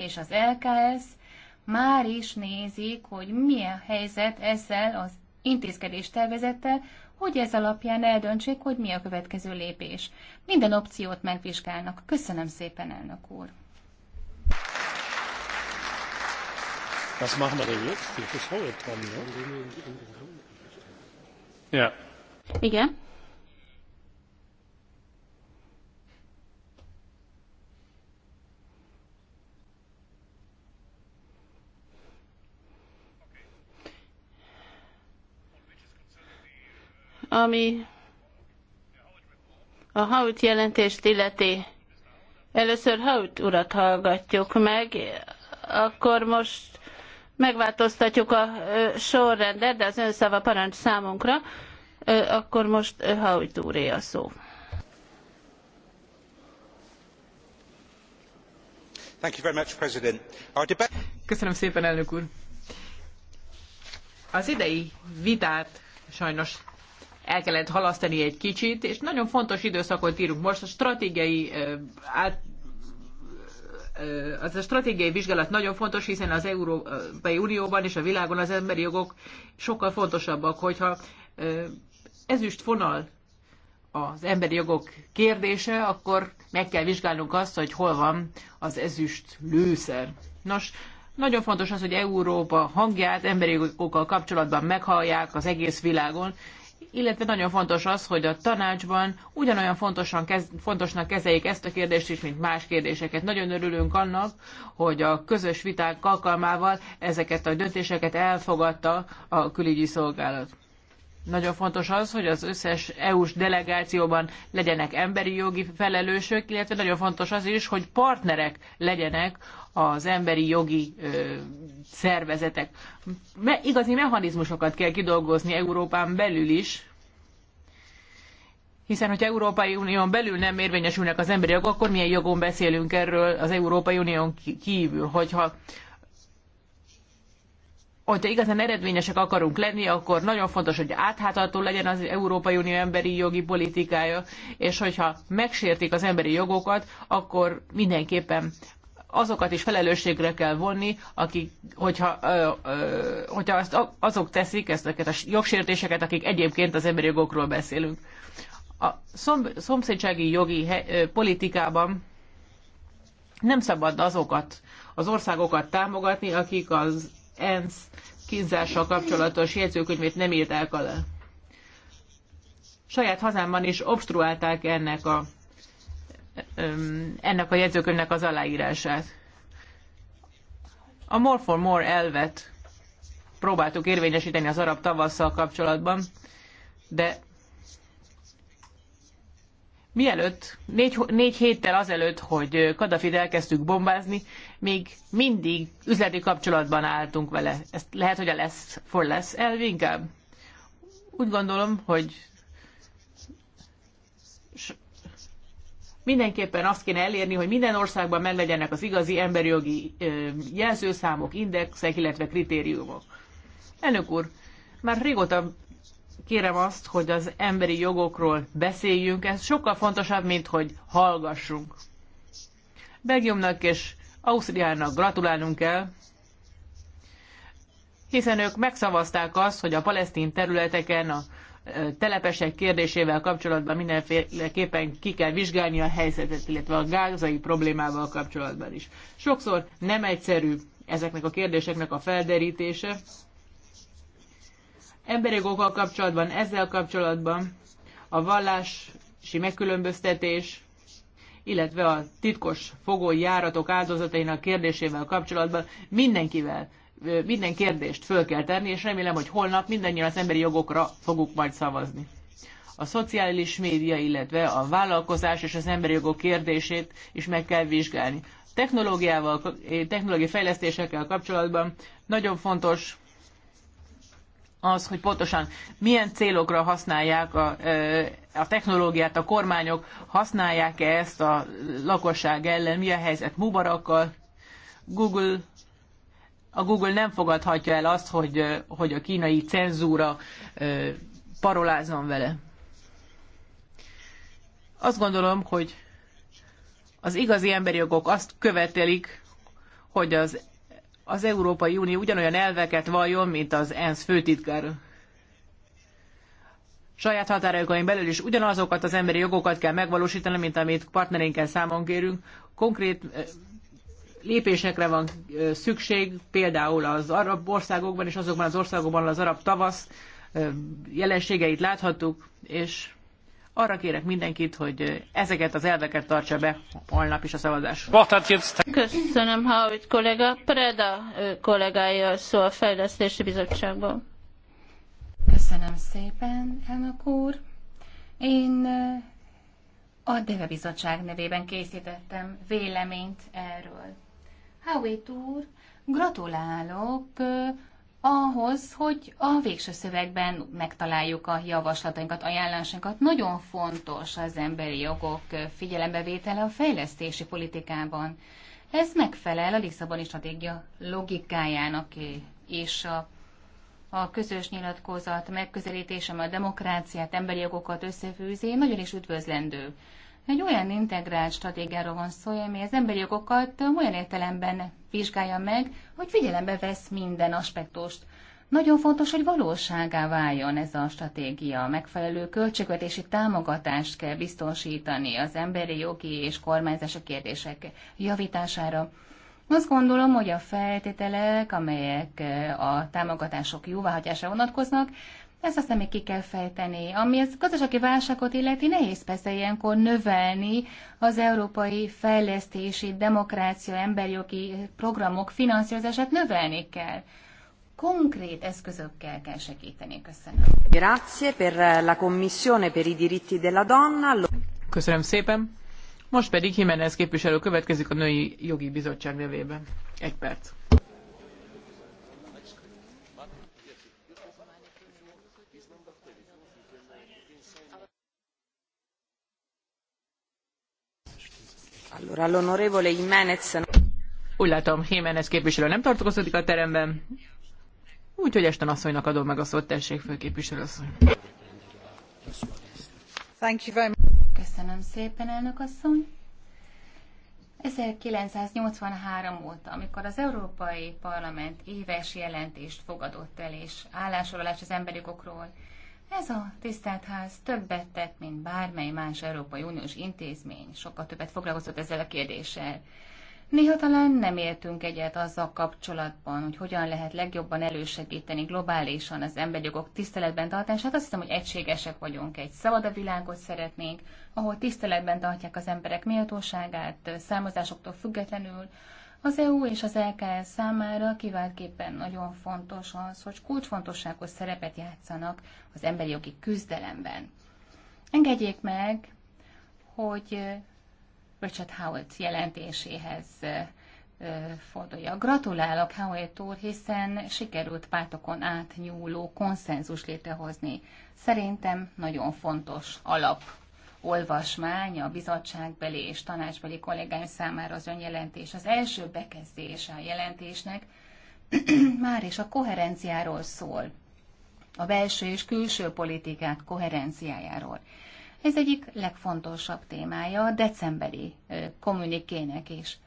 és az LKS már is nézik, hogy milyen helyzet ezzel az intézkedés tervezettel, hogy ez alapján eldöntsék, hogy mi a következő lépés. Minden opciót megvizsgálnak. Köszönöm szépen, elnök úr! Das machen wir denn jetzt? dran, ja? Ja. Igen. ami a Haut jelentést illeti. Először Haut urat hallgatjuk meg, akkor most megváltoztatjuk a sorrendet, de az ön szava parancs számunkra, akkor most Haut úré a szó. Thank you very much, President. Köszönöm szépen, elnök úr! Az idei vitát sajnos el kellett halasztani egy kicsit, és nagyon fontos időszakot írunk most, a stratégiai át, az a stratégiai vizsgálat nagyon fontos, hiszen az Európai Unióban és a világon az emberi jogok sokkal fontosabbak, hogyha ezüst vonal az emberi jogok kérdése, akkor meg kell vizsgálnunk azt, hogy hol van az ezüst lőszer. Nos, nagyon fontos az, hogy Európa hangját emberi jogokkal kapcsolatban meghallják az egész világon, illetve nagyon fontos az, hogy a tanácsban ugyanolyan fontosan kez, fontosnak kezeljék ezt a kérdést is, mint más kérdéseket. Nagyon örülünk annak, hogy a közös viták alkalmával ezeket a döntéseket elfogadta a külügyi szolgálat. Nagyon fontos az, hogy az összes EU-s delegációban legyenek emberi jogi felelősök, illetve nagyon fontos az is, hogy partnerek legyenek az emberi jogi ö, szervezetek. Me, igazi mechanizmusokat kell kidolgozni Európán belül is, hiszen hogyha Európai Unión belül nem érvényesülnek az emberi jogok, akkor milyen jogon beszélünk erről az Európai Unión kívül, hogyha hogyha igazán eredményesek akarunk lenni, akkor nagyon fontos, hogy áthátható legyen az Európai Unió emberi jogi politikája, és hogyha megsértik az emberi jogokat, akkor mindenképpen azokat is felelősségre kell vonni, akik, hogyha, ö, ö, hogyha azt, azok teszik ezeket a jogsértéseket, akik egyébként az emberi jogokról beszélünk. A szom, szomszédsági jogi he, ö, politikában nem szabad azokat az országokat támogatni, akik az ENSZ kínzással kapcsolatos jegyzőkönyvét nem írták alá. Saját hazámban is obstruálták ennek a ennek a jegyzőkönyvnek az aláírását. A More for More elvet próbáltuk érvényesíteni az arab tavasszal kapcsolatban, de mielőtt, négy, négy héttel azelőtt, hogy Kadafit elkezdtük bombázni, még mindig üzleti kapcsolatban álltunk vele. Ezt lehet, hogy a lesz for lesz elv inkább. Úgy gondolom, hogy Mindenképpen azt kéne elérni, hogy minden országban meglegyenek az igazi emberi jogi jelzőszámok, indexek, illetve kritériumok. Elnök úr, már régóta kérem azt, hogy az emberi jogokról beszéljünk, ez sokkal fontosabb, mint hogy hallgassunk. Belgiumnak és Ausztriának gratulálnunk el, hiszen ők megszavazták azt, hogy a palesztin területeken a telepesek kérdésével kapcsolatban mindenféleképpen ki kell vizsgálni a helyzetet, illetve a gázai problémával kapcsolatban is. Sokszor nem egyszerű ezeknek a kérdéseknek a felderítése. Emberi jogokkal kapcsolatban, ezzel kapcsolatban a vallási megkülönböztetés, illetve a titkos fogói járatok áldozatainak kérdésével kapcsolatban mindenkivel minden kérdést föl kell tenni, és remélem, hogy holnap mindannyian az emberi jogokra fogunk majd szavazni. A szociális média, illetve a vállalkozás és az emberi jogok kérdését is meg kell vizsgálni. Technológiával, technológiai fejlesztésekkel kapcsolatban nagyon fontos az, hogy pontosan milyen célokra használják a, a technológiát, a kormányok használják-e ezt a lakosság ellen, mi a helyzet Mubarakkal, Google a Google nem fogadhatja el azt, hogy, hogy a kínai cenzúra parolázzon vele. Azt gondolom, hogy az igazi emberi jogok azt követelik, hogy az, az Európai Unió ugyanolyan elveket valljon, mint az ENSZ főtitkár. Saját határaikon belül is ugyanazokat az emberi jogokat kell megvalósítani, mint amit partnerénkkel számon kérünk. Konkrét lépésekre van szükség, például az arab országokban és azokban az országokban az arab tavasz jelenségeit láthattuk, és arra kérek mindenkit, hogy ezeket az elveket tartsa be holnap is a szavazás. Köszönöm, Howard kollega. Preda kollégája szó a Fejlesztési Bizottságból. Köszönöm szépen, elnök úr. Én a Deve Bizottság nevében készítettem véleményt erről. Howitt úr, gratulálok ahhoz, hogy a végső szövegben megtaláljuk a javaslatainkat, ajánlásainkat. Nagyon fontos az emberi jogok figyelembevétele a fejlesztési politikában. Ez megfelel a Lisszaboni stratégia logikájának és a, a közös nyilatkozat megközelítése, a demokráciát, emberi jogokat összefűzi, nagyon is üdvözlendő. Egy olyan integrált stratégiáról van szó, ami az emberi jogokat olyan értelemben vizsgálja meg, hogy figyelembe vesz minden aspektust. Nagyon fontos, hogy valóságá váljon ez a stratégia. Megfelelő költségvetési támogatást kell biztosítani az emberi jogi és kormányzási kérdések javítására. Azt gondolom, hogy a feltételek, amelyek a támogatások jóváhagyásra vonatkoznak, ezt aztán még ki kell fejteni. Ami az gazdasági válságot illeti, nehéz persze ilyenkor növelni az európai fejlesztési, demokrácia, emberjogi programok finanszírozását növelni kell. Konkrét eszközökkel kell segíteni. Köszönöm. Grazie per la Commissione per i diritti della donna. Köszönöm szépen. Most pedig Jimenez képviselő következik a Női Jogi Bizottság nevében. Egy perc. Úgy látom, Jiménez képviselő nem tartózkodik a teremben, úgyhogy Esten asszonynak adom meg a szót, tessék főképviselő asszony. Thank you very much. Köszönöm szépen, elnök asszony. 1983 óta, amikor az Európai Parlament éves jelentést fogadott el és állásolás az emberi jogokról, ez a tisztelt ház többet tett, mint bármely más Európai Uniós intézmény. Sokkal többet foglalkozott ezzel a kérdéssel. Néha talán nem értünk egyet azzal kapcsolatban, hogy hogyan lehet legjobban elősegíteni globálisan az emberjogok tiszteletben tartását. Azt hiszem, hogy egységesek vagyunk, egy szabad a világot szeretnénk, ahol tiszteletben tartják az emberek méltóságát, származásoktól függetlenül, az EU és az LKS számára kiváltképpen nagyon fontos az, hogy kulcsfontosságú szerepet játszanak az emberi jogi küzdelemben. Engedjék meg, hogy Richard Howard jelentéséhez fordulja. Gratulálok Howard úr, hiszen sikerült pártokon átnyúló konszenzus létrehozni. Szerintem nagyon fontos alap olvasmány a bizottságbeli és tanácsbeli kollégáim számára az önjelentés. Az első bekezdése a jelentésnek már is a koherenciáról szól, a belső és külső politikák koherenciájáról. Ez egyik legfontosabb témája a decemberi kommunikének is.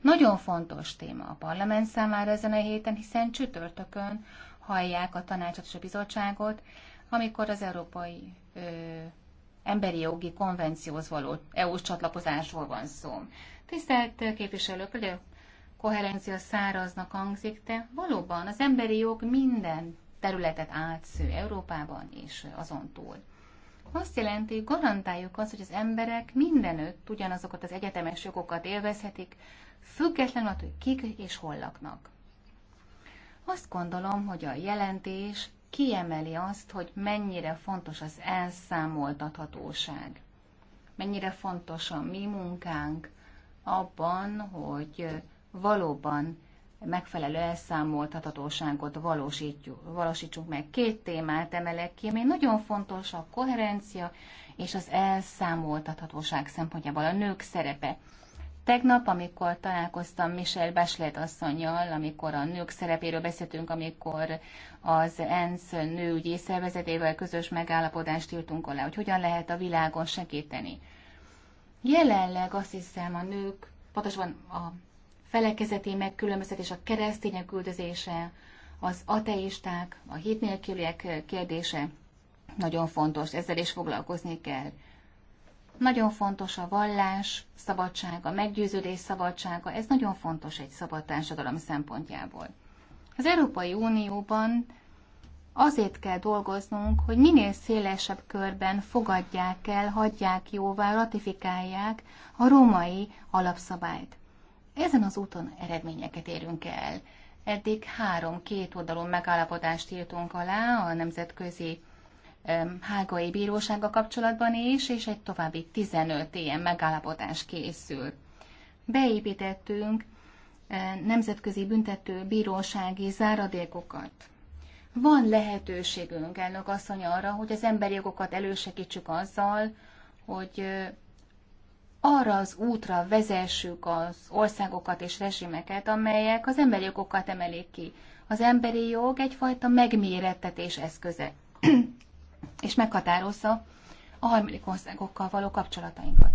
Nagyon fontos téma a parlament számára ezen a héten, hiszen csütörtökön hallják a tanácsot és a bizottságot, amikor az Európai emberi jogi konvencióhoz való EU-s csatlakozásról van szó. Tisztelt képviselők, hogy a koherencia száraznak hangzik, de valóban az emberi jog minden területet átsző Európában és azon túl. Azt jelenti, hogy garantáljuk azt, hogy az emberek mindenütt ugyanazokat az egyetemes jogokat élvezhetik, függetlenül attól, hogy kik és hol laknak. Azt gondolom, hogy a jelentés kiemeli azt, hogy mennyire fontos az elszámoltathatóság, mennyire fontos a mi munkánk abban, hogy valóban megfelelő elszámoltathatóságot valósítjuk, valósítsunk meg. Két témát emelek ki, ami nagyon fontos a koherencia és az elszámoltathatóság szempontjából a nők szerepe. Tegnap, amikor találkoztam Michelle Bachelet asszonyjal, amikor a nők szerepéről beszéltünk, amikor az ENSZ nőügyi szervezetével közös megállapodást írtunk alá, hogy hogyan lehet a világon segíteni. Jelenleg azt hiszem a nők, pontosan a felekezeti megkülönböztetés, a keresztények küldözése, az ateisták, a hit nélküliek kérdése nagyon fontos, ezzel is foglalkozni kell. Nagyon fontos a vallás szabadsága, meggyőződés szabadsága, ez nagyon fontos egy szabad társadalom szempontjából. Az Európai Unióban azért kell dolgoznunk, hogy minél szélesebb körben fogadják el, hagyják jóvá, ratifikálják a római alapszabályt. Ezen az úton eredményeket érünk el. Eddig három két oldalon megállapodást írtunk alá a nemzetközi hágai bírósága kapcsolatban is, és egy további 15 ilyen megállapodás készül. Beépítettünk nemzetközi büntető bírósági záradékokat. Van lehetőségünk, elnök asszony, arra, hogy az emberi jogokat elősegítsük azzal, hogy arra az útra vezessük az országokat és rezsimeket, amelyek az emberi jogokat emelik ki. Az emberi jog egyfajta megmérettetés eszköze és meghatározza a harmadik országokkal való kapcsolatainkat.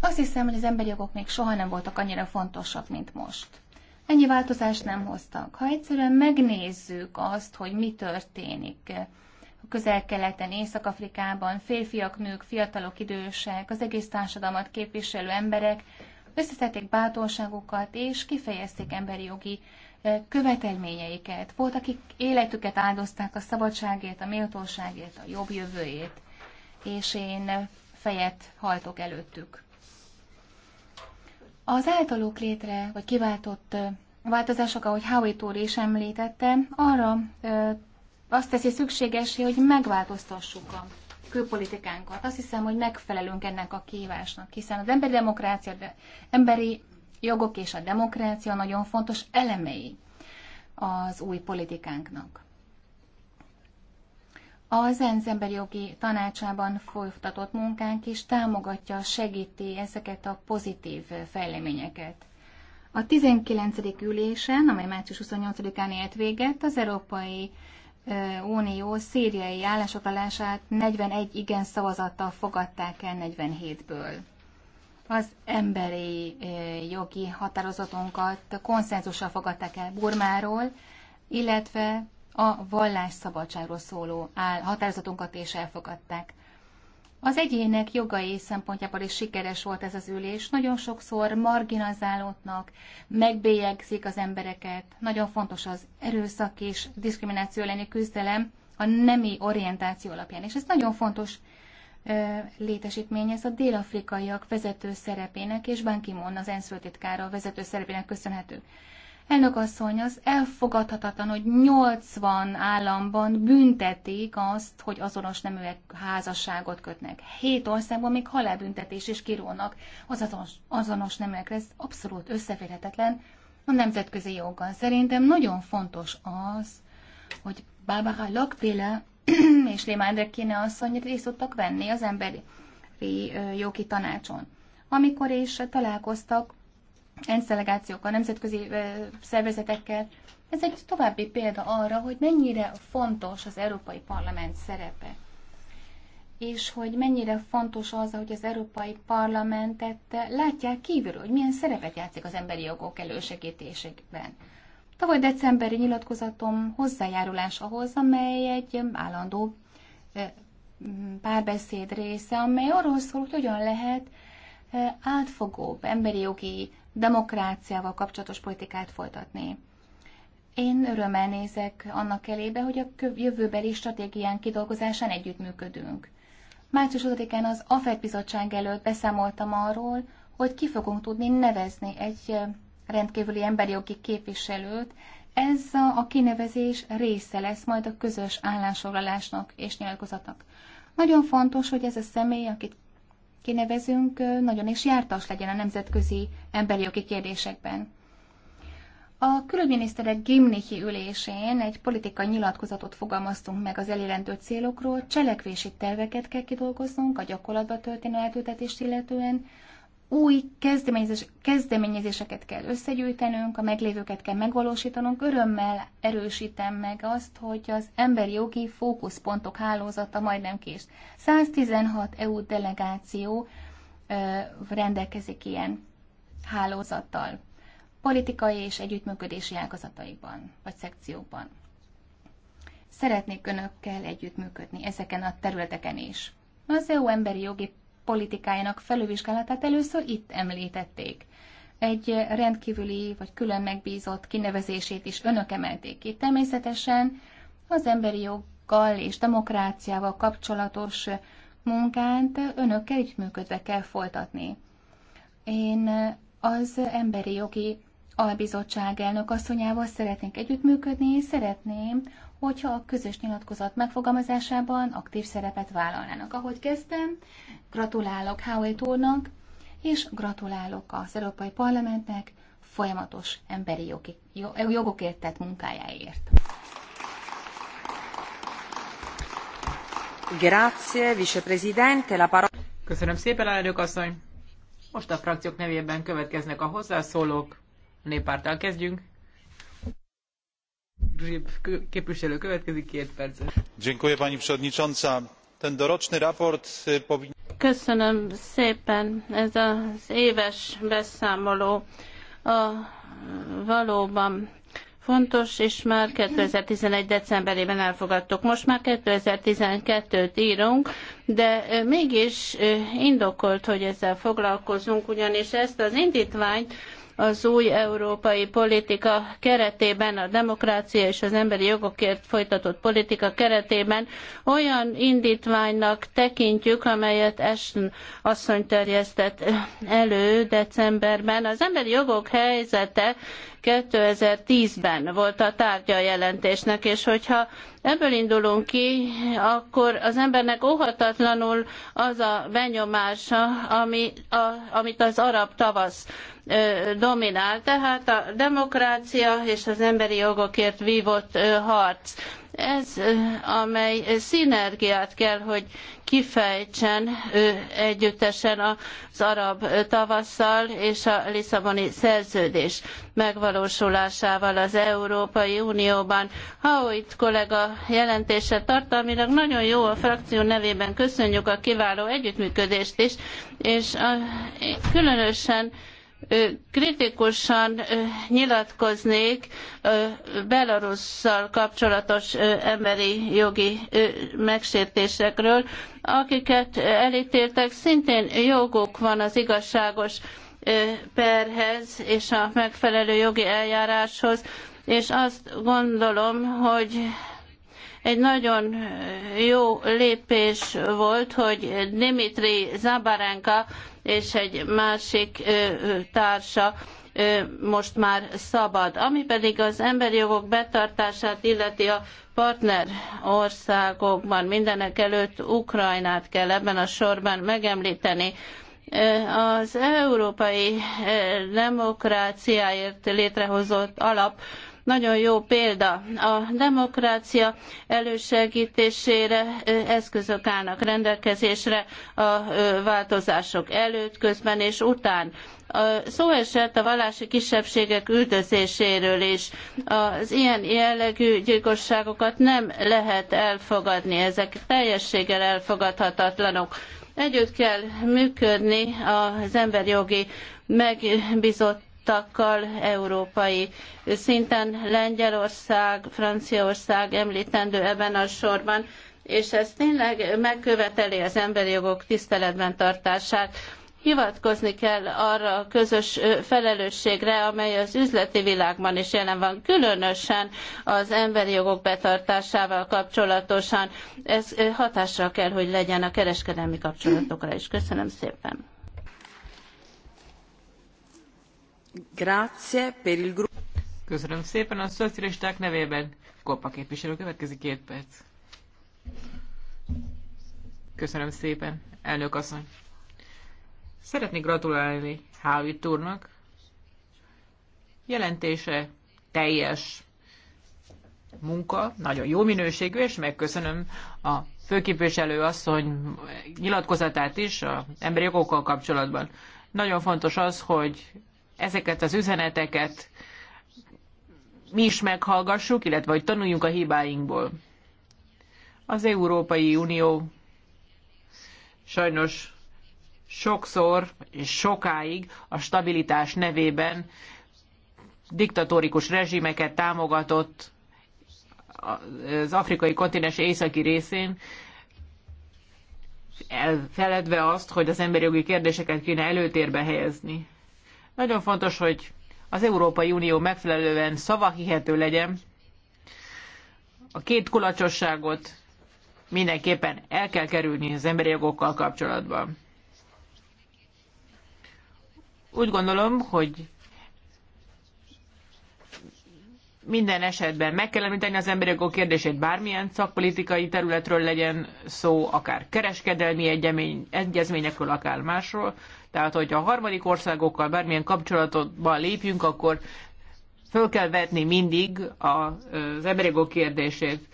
Azt hiszem, hogy az emberi jogok még soha nem voltak annyira fontosak, mint most. Ennyi változást nem hoztak. Ha egyszerűen megnézzük azt, hogy mi történik a közel-keleten, Észak-Afrikában, férfiak, nők, fiatalok, idősek, az egész társadalmat képviselő emberek összeszedték bátorságukat és kifejezték emberi jogi követelményeiket. Volt, akik életüket áldozták a szabadságért, a méltóságért, a jobb jövőért, és én fejet hajtok előttük. Az általuk létre, vagy kiváltott változások, ahogy Howitt úr is említette, arra azt teszi szükségesé, hogy megváltoztassuk a külpolitikánkat. Azt hiszem, hogy megfelelünk ennek a kívásnak, hiszen az emberi demokrácia, de emberi jogok és a demokrácia nagyon fontos elemei az új politikánknak. Az ENSZ emberi jogi tanácsában folytatott munkánk is támogatja, segíti ezeket a pozitív fejleményeket. A 19. ülésen, amely március 28-án élt véget, az Európai Unió szíriai állásokalását 41 igen szavazattal fogadták el 47-ből az emberi jogi határozatunkat konszenzussal fogadták el Burmáról, illetve a vallásszabadságról szóló határozatunkat is elfogadták. Az egyének jogai szempontjából is sikeres volt ez az ülés. Nagyon sokszor marginalizálódnak, megbélyegzik az embereket. Nagyon fontos az erőszak és diszkrimináció elleni küzdelem a nemi orientáció alapján. És ez nagyon fontos ez a dél-afrikaiak vezető szerepének és Ban Ki-moon, az ENSZ főtitkára vezető szerepének köszönhető. Elnök asszony, az elfogadhatatlan, hogy 80 államban büntetik azt, hogy azonos neműek házasságot kötnek. Hét országban még halálbüntetés is kirónak az azonos, azonos neműekre. Ez abszolút összeférhetetlen a nemzetközi joggal. Szerintem nagyon fontos az, hogy Barbara Lakpéle és Lima Endre Kéne asszony részt tudtak venni az emberi jogi tanácson. Amikor is találkoztak enszelegációkkal, nemzetközi szervezetekkel, ez egy további példa arra, hogy mennyire fontos az Európai Parlament szerepe. És hogy mennyire fontos az, hogy az Európai Parlamentet eh, látják kívülről, hogy milyen szerepet játszik az emberi jogok elősegítésében. Tavaly decemberi nyilatkozatom hozzájárulás ahhoz, amely egy állandó párbeszéd része, amely arról szól, hogy hogyan lehet átfogóbb emberi jogi demokráciával kapcsolatos politikát folytatni. Én örömmel nézek annak elébe, hogy a jövőbeli stratégián kidolgozásán együttműködünk. Március 5-án az AFED bizottság előtt beszámoltam arról, hogy ki fogunk tudni nevezni egy rendkívüli emberi jogi képviselőt. Ez a kinevezés része lesz majd a közös állásfoglalásnak és nyilatkozatnak. Nagyon fontos, hogy ez a személy, akit kinevezünk, nagyon is jártas legyen a nemzetközi emberi jogi kérdésekben. A külügyminiszterek gimnihi ülésén egy politikai nyilatkozatot fogalmaztunk meg az elérendő célokról, cselekvési terveket kell kidolgoznunk a gyakorlatba történő eltültetést illetően, új kezdeményezés, kezdeményezéseket kell összegyűjtenünk, a meglévőket kell megvalósítanunk. Örömmel erősítem meg azt, hogy az emberi jogi fókuszpontok hálózata majdnem kés. 116 EU delegáció ö, rendelkezik ilyen hálózattal, politikai és együttműködési ágazataiban, vagy szekcióban. Szeretnék önökkel együttműködni ezeken a területeken is. Az EU emberi jogi politikájának felülvizsgálatát először itt említették. Egy rendkívüli vagy külön megbízott kinevezését is önök emelték ki. Természetesen az emberi joggal és demokráciával kapcsolatos munkánt önökkel együttműködve kell folytatni. Én az emberi jogi albizottság elnök asszonyával szeretnék együttműködni, és szeretném, hogyha a közös nyilatkozat megfogalmazásában aktív szerepet vállalnának. Ahogy kezdtem, gratulálok Howitt úrnak, és gratulálok az Európai Parlamentnek folyamatos emberi jogi, jogokért tett munkájáért. Grazie, vicepresidente. La parola... Köszönöm szépen, elnök asszony. Most a frakciók nevében következnek a hozzászólók. A néppárttal kezdjünk pani przewodnicząca. Ten doroczny raport powinien... Köszönöm szépen. Ez az éves beszámoló a, valóban fontos, és már 2011. decemberében elfogadtuk. Most már 2012-t írunk, de mégis indokolt, hogy ezzel foglalkozunk, ugyanis ezt az indítványt az új európai politika keretében, a demokrácia és az emberi jogokért folytatott politika keretében olyan indítványnak tekintjük, amelyet Ashton asszony terjesztett elő decemberben. Az emberi jogok helyzete 2010-ben volt a tárgya a jelentésnek, és hogyha ebből indulunk ki, akkor az embernek óhatatlanul az a benyomása, ami, a, amit az arab tavasz dominál, tehát a demokrácia és az emberi jogokért vívott harc. Ez, amely szinergiát kell, hogy kifejtsen együttesen az arab tavasszal és a Lisszaboni szerződés megvalósulásával az Európai Unióban. itt, kollega jelentése tartalmilag nagyon jó a frakció nevében köszönjük a kiváló együttműködést is, és különösen kritikusan nyilatkoznék Belarusszal kapcsolatos emberi jogi megsértésekről, akiket elítéltek, szintén joguk van az igazságos perhez és a megfelelő jogi eljáráshoz, és azt gondolom, hogy egy nagyon eh, jó lépés volt, hogy Dimitri Zabarenka és egy másik eh, társa eh, most már szabad. Ami pedig az emberi jogok betartását illeti a partner országokban, mindenekelőtt Ukrajnát kell ebben a sorban megemlíteni. Az európai demokráciáért létrehozott alap nagyon jó példa. A demokrácia elősegítésére eszközök állnak rendelkezésre a változások előtt, közben és után. Szó esett a vallási kisebbségek üldözéséről is. Az ilyen jellegű gyilkosságokat nem lehet elfogadni, ezek teljességgel elfogadhatatlanok. Együtt kell működni az emberjogi megbízott takkal európai szinten Lengyelország, Franciaország említendő ebben a sorban, és ez tényleg megköveteli az emberi jogok tiszteletben tartását. Hivatkozni kell arra a közös felelősségre, amely az üzleti világban is jelen van, különösen az emberi jogok betartásával kapcsolatosan. Ez hatással kell, hogy legyen a kereskedelmi kapcsolatokra is. Köszönöm szépen. Grazie per il gruppo. Köszönöm szépen a szocialisták nevében. Koppa képviselő következik két perc. Köszönöm szépen, elnök asszony. Szeretnék gratulálni Hávit úrnak. Jelentése teljes munka, nagyon jó minőségű, és megköszönöm a főképviselő asszony nyilatkozatát is az emberi jogokkal kapcsolatban. Nagyon fontos az, hogy ezeket az üzeneteket mi is meghallgassuk, illetve hogy tanuljunk a hibáinkból. Az Európai Unió sajnos sokszor és sokáig a stabilitás nevében diktatórikus rezsimeket támogatott az afrikai kontinens északi részén, elfeledve azt, hogy az emberi jogi kérdéseket kéne előtérbe helyezni. Nagyon fontos, hogy az Európai Unió megfelelően szavahihető legyen. A két kulacsosságot mindenképpen el kell kerülni az emberi jogokkal kapcsolatban. Úgy gondolom, hogy minden esetben meg kell említeni az emberi jogok kérdését, bármilyen szakpolitikai területről legyen szó, akár kereskedelmi egyezményekről, akár másról. Tehát, hogyha a harmadik országokkal bármilyen kapcsolatban lépjünk, akkor föl kell vetni mindig az emberi jogok kérdését.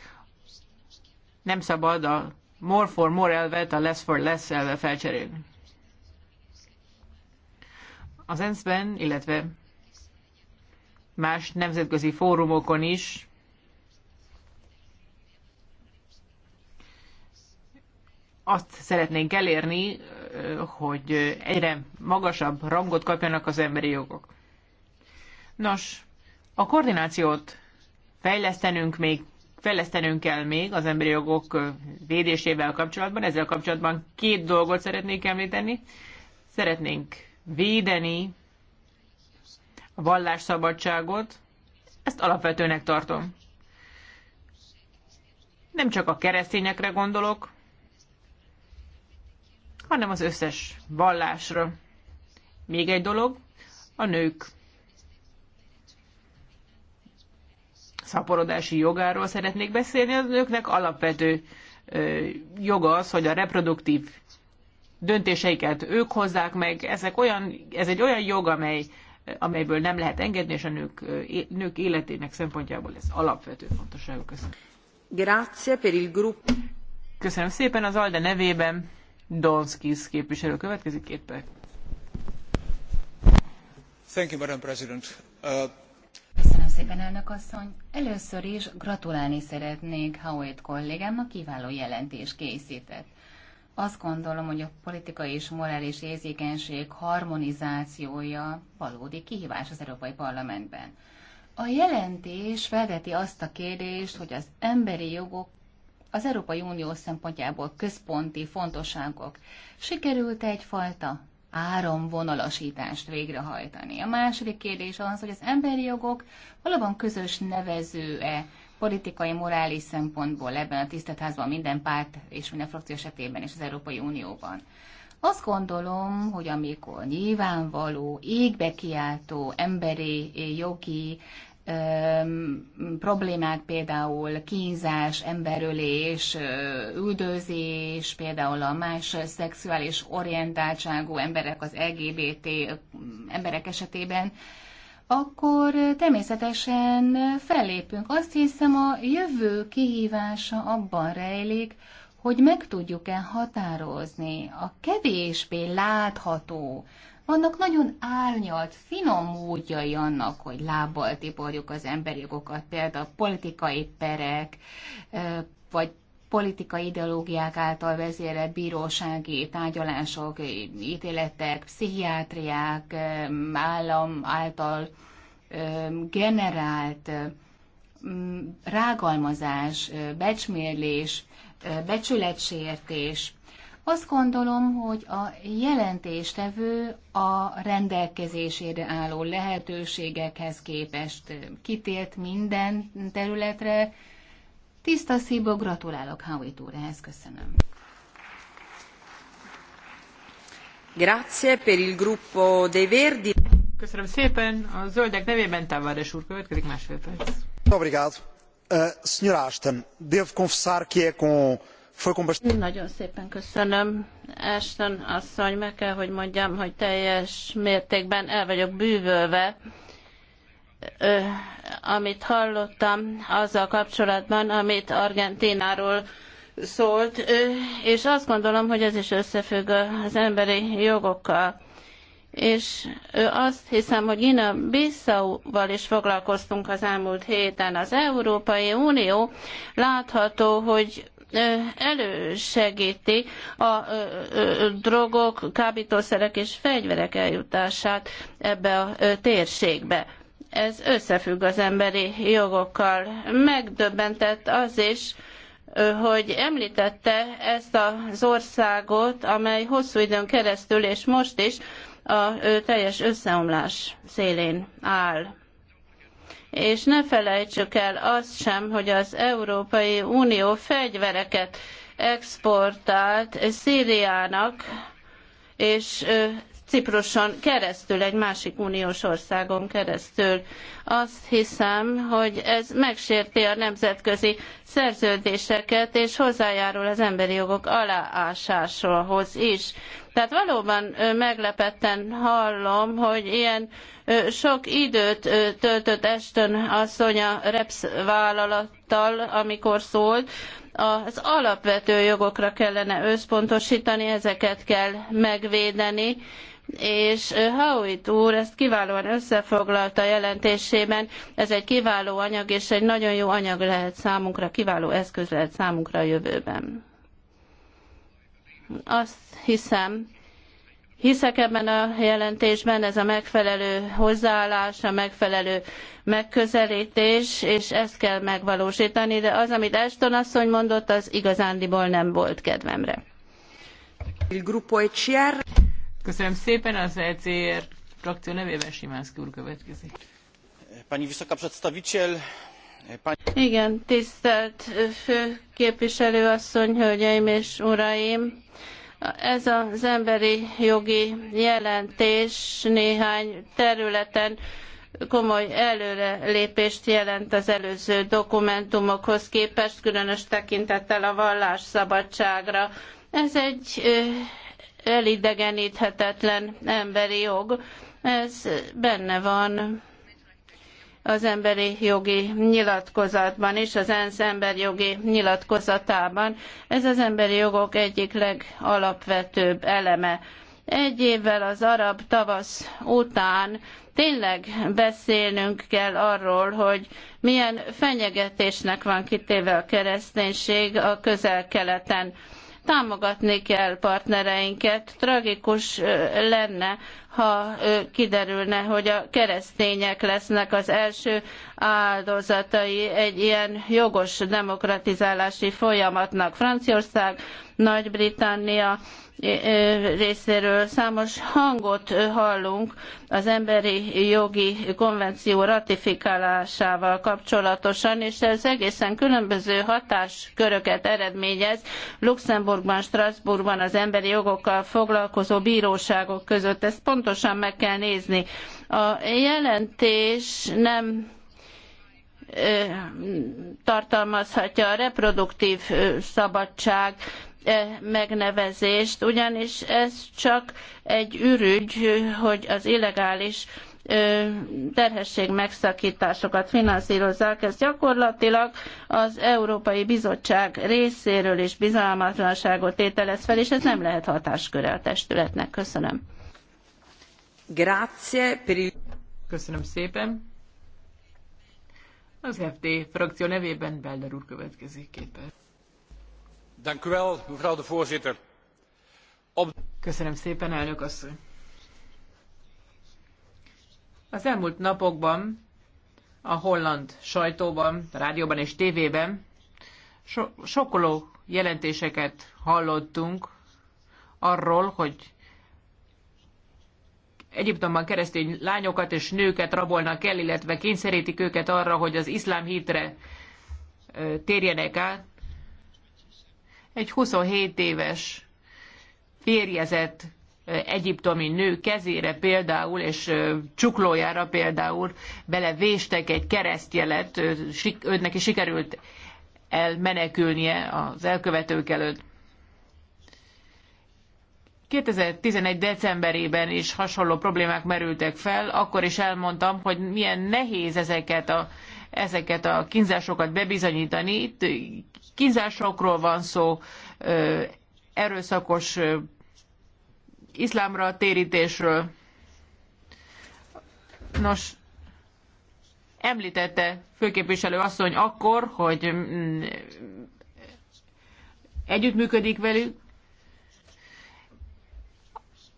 Nem szabad a more for more elvet a less for less elve felcserélni. Az ENSZ-ben, illetve más nemzetközi fórumokon is azt szeretnénk elérni, hogy egyre magasabb rangot kapjanak az emberi jogok. Nos, a koordinációt fejlesztenünk még fejlesztenünk kell még az emberi jogok védésével kapcsolatban. Ezzel kapcsolatban két dolgot szeretnék említeni. Szeretnénk védeni a vallásszabadságot. Ezt alapvetőnek tartom. Nem csak a keresztényekre gondolok, hanem az összes vallásra. Még egy dolog, a nők szaporodási jogáról szeretnék beszélni. A nőknek alapvető joga az, hogy a reproduktív döntéseiket ők hozzák meg. Ezek olyan, ez egy olyan jog, amely, amelyből nem lehet engedni, és a nők, nők életének szempontjából ez alapvető fontosságú. Köszönöm. Grazie per il gruppo. Köszönöm szépen az Alde nevében. Donskis képviselő következik két perc. Thank you, Madam President. Uh... Köszönöm szépen, elnök asszony. Először is gratulálni szeretnék Howard kollégámnak, kiváló jelentés készített. Azt gondolom, hogy a politikai és morális érzékenység harmonizációja valódi kihívás az Európai Parlamentben. A jelentés felveti azt a kérdést, hogy az emberi jogok az Európai Unió szempontjából központi fontosságok. Sikerült egyfajta áramvonalasítást végrehajtani. A második kérdés az, hogy az emberi jogok valóban közös nevező-e politikai, morális szempontból ebben a tisztetházban minden párt és minden frakció esetében és az Európai Unióban. Azt gondolom, hogy amikor nyilvánvaló, égbe kiáltó emberi, eh, jogi problémák, például kínzás, emberölés, üldözés, például a más szexuális orientáltságú emberek, az LGBT emberek esetében, akkor természetesen fellépünk. Azt hiszem, a jövő kihívása abban rejlik, hogy meg tudjuk-e határozni a kevésbé látható, vannak nagyon árnyalt, finom módjai annak, hogy lábbal tiporjuk az emberi jogokat, például politikai perek, vagy politikai ideológiák által vezérelt bírósági tárgyalások, ítéletek, pszichiátriák, állam által generált rágalmazás, becsmérlés, becsületsértés, azt gondolom, hogy a jelentéstevő a rendelkezésére álló lehetőségekhez képest kitért minden területre. Tiszta szívból gratulálok Howitt úr, ehhez köszönöm. Grazie per il gruppo dei Verdi. Köszönöm szépen. A zöldek nevében Tavares úr következik másfél perc. Obrigado. Uh, eh, Sr. Ashton, devo confessar que é com nagyon szépen köszönöm. Ashton asszony, meg kell, hogy mondjam, hogy teljes mértékben el vagyok bűvölve, amit hallottam azzal kapcsolatban, amit Argentináról szólt, és azt gondolom, hogy ez is összefügg az emberi jogokkal. És azt hiszem, hogy Gina Bissau-val is foglalkoztunk az elmúlt héten. Az Európai Unió látható, hogy elősegíti a drogok, kábítószerek és fegyverek eljutását ebbe a térségbe. Ez összefügg az emberi jogokkal. Megdöbbentett az is, hogy említette ezt az országot, amely hosszú időn keresztül és most is a teljes összeomlás szélén áll és ne felejtsük el azt sem, hogy az Európai Unió fegyvereket exportált Szíriának, és Cipruson keresztül, egy másik uniós országon keresztül. Azt hiszem, hogy ez megsérti a nemzetközi szerződéseket, és hozzájárul az emberi jogok aláásásához is. Tehát valóban meglepetten hallom, hogy ilyen sok időt töltött Eston asszony a REPS vállalattal, amikor szólt, az alapvető jogokra kellene összpontosítani, ezeket kell megvédeni, és Howitt úr ezt kiválóan összefoglalta jelentésében. Ez egy kiváló anyag, és egy nagyon jó anyag lehet számunkra, kiváló eszköz lehet számunkra a jövőben. Azt hiszem, hiszek ebben a jelentésben, ez a megfelelő hozzáállás, a megfelelő megközelítés, és ezt kell megvalósítani, de az, amit Ashton asszony mondott, az igazándiból nem volt kedvemre. Köszönöm szépen, az ECR frakció nevében Simánszki úr következik. Pani Visoka Przedstawiciel, igen, tisztelt fő asszony, hölgyeim és uraim! Ez az emberi jogi jelentés néhány területen komoly előrelépést jelent az előző dokumentumokhoz képest, különös tekintettel a vallásszabadságra. Ez egy elidegeníthetetlen emberi jog. Ez benne van az emberi jogi nyilatkozatban és az ENSZ emberi jogi nyilatkozatában. Ez az emberi jogok egyik legalapvetőbb eleme. Egy évvel az arab tavasz után tényleg beszélnünk kell arról, hogy milyen fenyegetésnek van kitéve a kereszténység a közel-keleten támogatni kell partnereinket. Tragikus lenne, ha kiderülne, hogy a keresztények lesznek az első áldozatai egy ilyen jogos demokratizálási folyamatnak. Franciaország, Nagy-Britannia, részéről számos hangot hallunk az emberi jogi konvenció ratifikálásával kapcsolatosan, és ez egészen különböző hatásköröket eredményez Luxemburgban, Strasbourgban az emberi jogokkal foglalkozó bíróságok között. Ezt pontosan meg kell nézni. A jelentés nem tartalmazhatja a reproduktív szabadság E, megnevezést, ugyanis ez csak egy ürügy, hogy az illegális e, terhesség megszakításokat finanszírozzák. Ez gyakorlatilag az Európai Bizottság részéről is bizalmatlanságot tételez fel, és ez nem lehet hatásköre a testületnek. Köszönöm. Grazie per il... Köszönöm szépen. Az FT frakció nevében Belder úr következik két perc. Köszönöm szépen, elnök Az elmúlt napokban a holland sajtóban, a rádióban és tévében sokkoló jelentéseket hallottunk arról, hogy Egyiptomban keresztény lányokat és nőket rabolnak el, illetve kényszertik őket arra, hogy az iszlám hitre térjenek át, egy 27 éves férjezett egyiptomi nő kezére például, és csuklójára például belevéstek egy keresztjelet, őt neki sikerült elmenekülnie az elkövetők előtt. 2011. decemberében is hasonló problémák merültek fel, akkor is elmondtam, hogy milyen nehéz ezeket a, ezeket a kínzásokat bebizonyítani. Itt kínzásokról van szó, erőszakos iszlámra térítésről. Nos, említette főképviselő asszony akkor, hogy mm, együttműködik velük,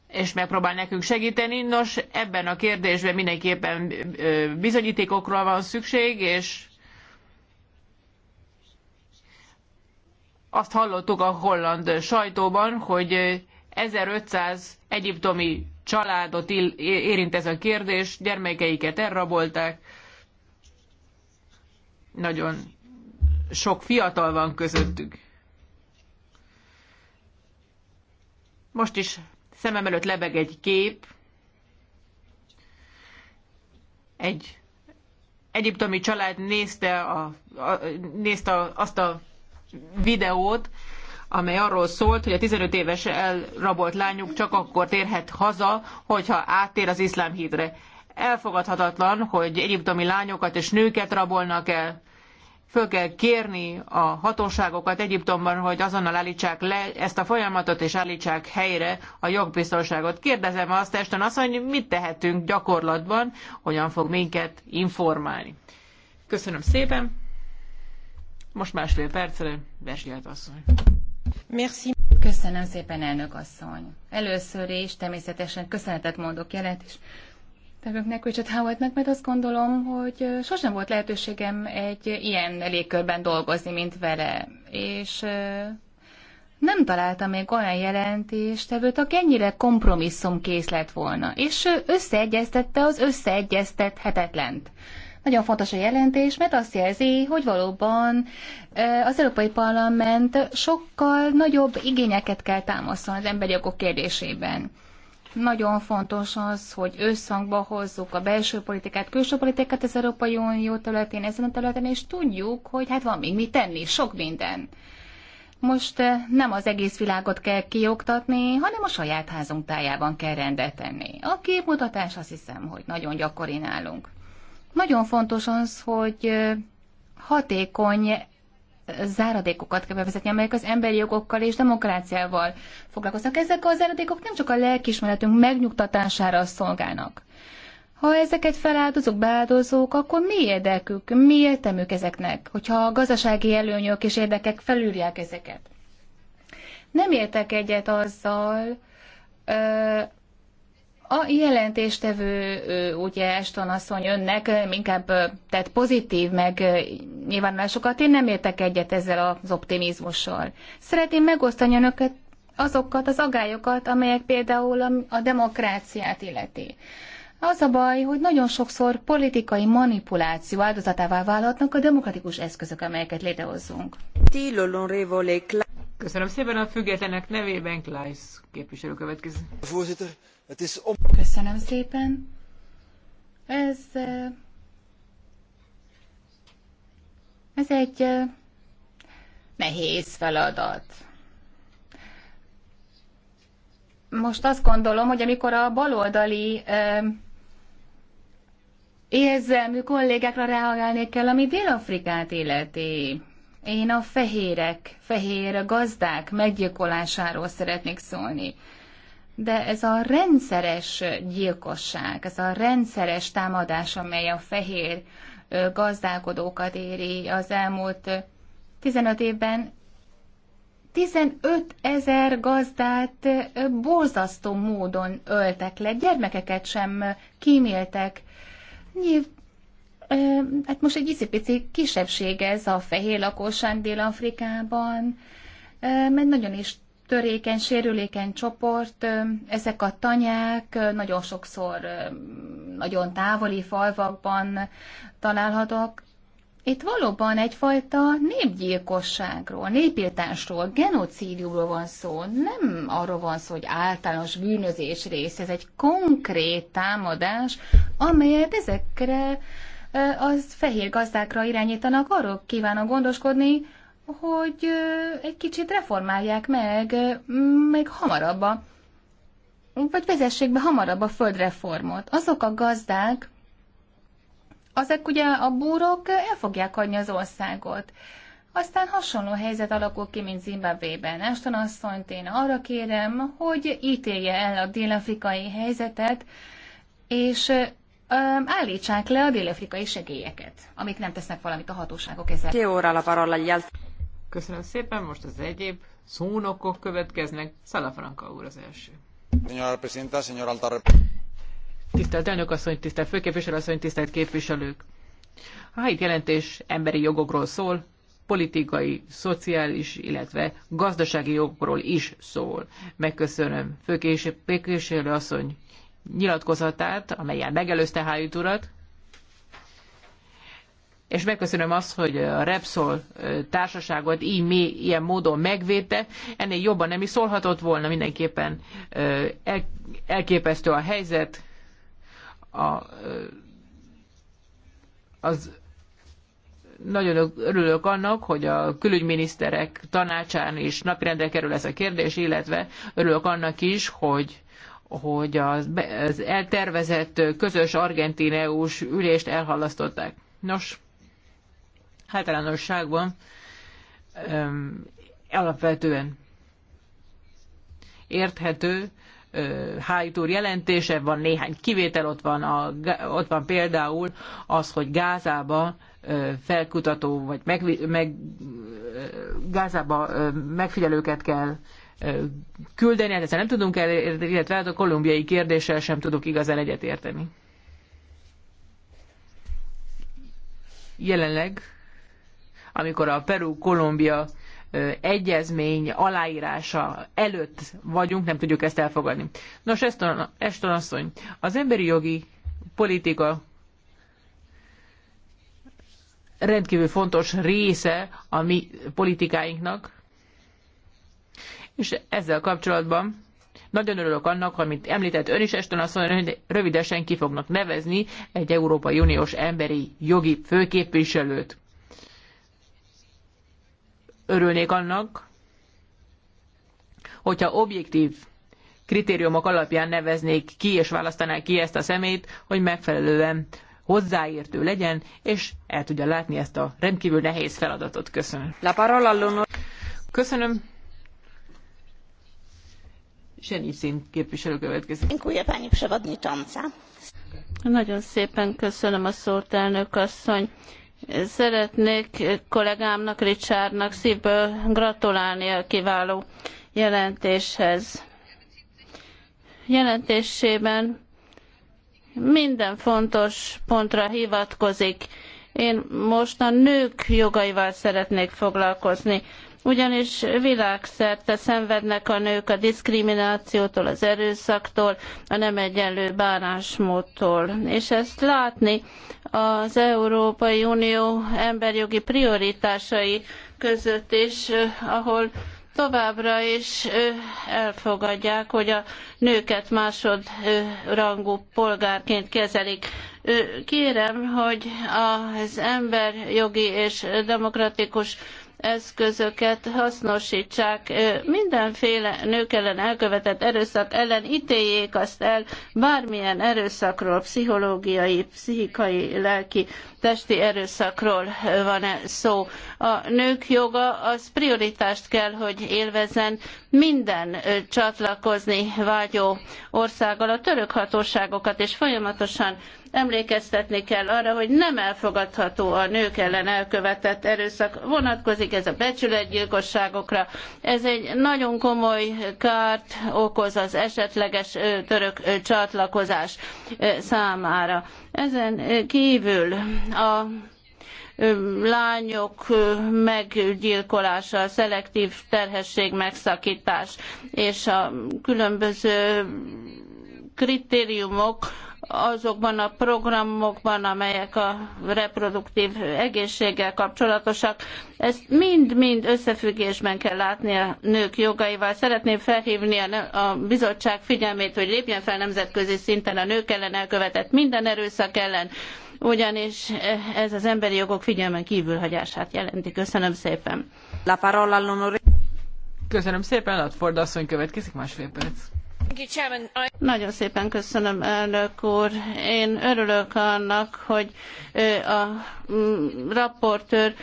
és megpróbál nekünk segíteni. Nos, ebben a kérdésben mindenképpen bizonyítékokra van szükség, és azt hallottuk a holland sajtóban, hogy 1500 egyiptomi családot érint ez a kérdés, gyermekeiket elrabolták. Nagyon sok fiatal van közöttük. Most is szemem előtt lebeg egy kép, egy egyiptomi család nézte, a, a, nézte azt a videót, amely arról szólt, hogy a 15 éves elrabolt lányuk csak akkor térhet haza, hogyha áttér az iszlám hídre. Elfogadhatatlan, hogy egyiptomi lányokat és nőket rabolnak el. Föl kell kérni a hatóságokat Egyiptomban, hogy azonnal állítsák le ezt a folyamatot, és állítsák helyre a jogbiztonságot. Kérdezem azt, Eston asszony, mit tehetünk gyakorlatban, hogyan fog minket informálni. Köszönöm szépen! Most másfél percre, Versiát asszony. Merci. Köszönöm szépen, elnök asszony. Először is természetesen köszönetet mondok jelent is tevőknek, Richard Howardnak, mert azt gondolom, hogy sosem volt lehetőségem egy ilyen légkörben dolgozni, mint vele. És nem találtam még olyan jelentéstevőt, aki ennyire kész lett volna, és összeegyeztette az összeegyeztethetetlent. Nagyon fontos a jelentés, mert azt jelzi, hogy valóban az Európai Parlament sokkal nagyobb igényeket kell támaszolni az emberi jogok kérdésében. Nagyon fontos az, hogy összhangba hozzuk a belső politikát, külső politikát az Európai Unió területén, ezen a területen, és tudjuk, hogy hát van még mit tenni, sok minden. Most nem az egész világot kell kioktatni, hanem a saját házunk tájában kell rendet tenni. A képmutatás azt hiszem, hogy nagyon gyakori nálunk. Nagyon fontos az, hogy hatékony záradékokat kell bevezetni, amelyek az emberi jogokkal és demokráciával foglalkoznak. Ezek a záradékok nem csak a lelkismeretünk megnyugtatására szolgálnak. Ha ezeket feláldozók, beáldozók, akkor mi érdekük, mi értemük ezeknek, hogyha a gazdasági előnyök és érdekek felülják ezeket? Nem értek egyet azzal, a jelentéstevő, ugye Eston asszony önnek inkább tehát pozitív meg másokat én nem értek egyet ezzel az optimizmussal. Szeretném megosztani önöket azokat az agályokat, amelyek például a demokráciát illeti. Az a baj, hogy nagyon sokszor politikai manipuláció áldozatává válhatnak a demokratikus eszközök, amelyeket létrehozzunk. Köszönöm szépen a függetlenek nevében, Klajsz képviselő Köszönöm szépen. Ez, ez egy nehéz feladat. Most azt gondolom, hogy amikor a baloldali érzelmű kollégákra reagálni kell, ami Dél-Afrikát életé, Én a fehérek, fehér gazdák meggyilkolásáról szeretnék szólni de ez a rendszeres gyilkosság, ez a rendszeres támadás, amely a fehér gazdálkodókat éri az elmúlt 15 évben 15 ezer gazdát borzasztó módon öltek le, gyermekeket sem kíméltek. Nyilv, hát most egy icipici kisebbség ez a fehér lakosság Dél-Afrikában, mert nagyon is törékeny, sérülékeny csoport, ezek a tanyák nagyon sokszor nagyon távoli falvakban találhatók. Itt valóban egyfajta népgyilkosságról, népírtásról, genocídiumról van szó. Nem arról van szó, hogy általános bűnözés rész, ez egy konkrét támadás, amelyet ezekre az fehér gazdákra irányítanak, arról kívánok gondoskodni, hogy egy kicsit reformálják meg, meg hamarabb a, vagy vezessék be hamarabb a földreformot. Azok a gazdák, azok ugye a búrok el fogják adni az országot. Aztán hasonló helyzet alakul ki, mint Zimbabvében. Ashton asszonyt én arra kérem, hogy ítélje el a dél-afrikai helyzetet, és ö, állítsák le a dél-afrikai segélyeket, amik nem tesznek valamit a hatóságok ezzel. Köszönöm szépen, most az egyéb szónokok következnek. Franka úr az első. Señora Presidenta, señor Altar. Tisztelt elnök asszony, tisztelt főképviselő asszony, tisztelt képviselők. A helyi jelentés emberi jogokról szól, politikai, szociális, illetve gazdasági jogokról is szól. Megköszönöm főképviselő asszony nyilatkozatát, amelyen megelőzte Hájt urat, és megköszönöm azt, hogy a Repsol társaságot így mély, ilyen módon megvédte. Ennél jobban nem is szólhatott volna mindenképpen. Elképesztő a helyzet. A, az nagyon örülök annak, hogy a külügyminiszterek tanácsán is napirendre kerül ez a kérdés, illetve örülök annak is, hogy hogy az, az eltervezett közös argentin ülést elhalasztották. Nos, általánosságban alapvetően érthető hájtúr jelentése, van néhány kivétel, ott van, a, ott van például az, hogy Gázába felkutató, vagy meg, meg, Gázába megfigyelőket kell küldeni, hát ezzel nem tudunk el, illetve hát a kolumbiai kérdéssel sem tudok igazán egyetérteni. Jelenleg amikor a Peru-Kolumbia egyezmény aláírása előtt vagyunk, nem tudjuk ezt elfogadni. Nos, Eston, Eston asszony, az emberi jogi politika rendkívül fontos része a mi politikáinknak, és ezzel kapcsolatban nagyon örülök annak, amit említett ön is, Eston asszony, hogy rövidesen ki fognak nevezni egy Európai Uniós emberi jogi főképviselőt örülnék annak, hogyha objektív kritériumok alapján neveznék ki és választanák ki ezt a szemét, hogy megfelelően hozzáértő legyen, és el tudja látni ezt a rendkívül nehéz feladatot. Köszönöm. La parola Köszönöm. Köszönöm. Senicin képviselő következik. Dziękuję pani przewodnicząca. Nagyon szépen köszönöm a szót, elnök asszony. Szeretnék kollégámnak, Richardnak szívből gratulálni a kiváló jelentéshez. Jelentésében minden fontos pontra hivatkozik, én most a nők jogaival szeretnék foglalkozni ugyanis világszerte szenvednek a nők a diszkriminációtól, az erőszaktól, a nem egyenlő bánásmódtól. És ezt látni az Európai Unió emberjogi prioritásai között is, eh, ahol továbbra is elfogadják, hogy a nőket másodrangú polgárként kezelik. Kérem, hogy az emberjogi és demokratikus eszközöket hasznosítsák, mindenféle nők ellen elkövetett erőszak ellen ítéljék azt el, bármilyen erőszakról, pszichológiai, pszichikai, lelki testi erőszakról van-e szó. A nők joga az prioritást kell, hogy élvezzen minden csatlakozni vágyó országgal. A török hatóságokat és folyamatosan emlékeztetni kell arra, hogy nem elfogadható a nők ellen elkövetett erőszak. Vonatkozik ez a becsületgyilkosságokra. Ez egy nagyon komoly kárt okoz az esetleges török csatlakozás számára. Ezen kívül a lányok meggyilkolása, a szelektív terhesség megszakítás és a különböző kritériumok, azokban a programokban, amelyek a reproduktív egészséggel kapcsolatosak. Ezt mind-mind összefüggésben kell látni a nők jogaival. Szeretném felhívni a, a bizottság figyelmét, hogy lépjen fel nemzetközi szinten a nők ellen elkövetett minden erőszak ellen, ugyanis ez az emberi jogok figyelmen kívülhagyását jelenti. Köszönöm szépen. La parola Köszönöm szépen, Latford asszony következik másfél perc. Nagyon szépen köszönöm, elnök úr. Én örülök annak, hogy a mm, raportőr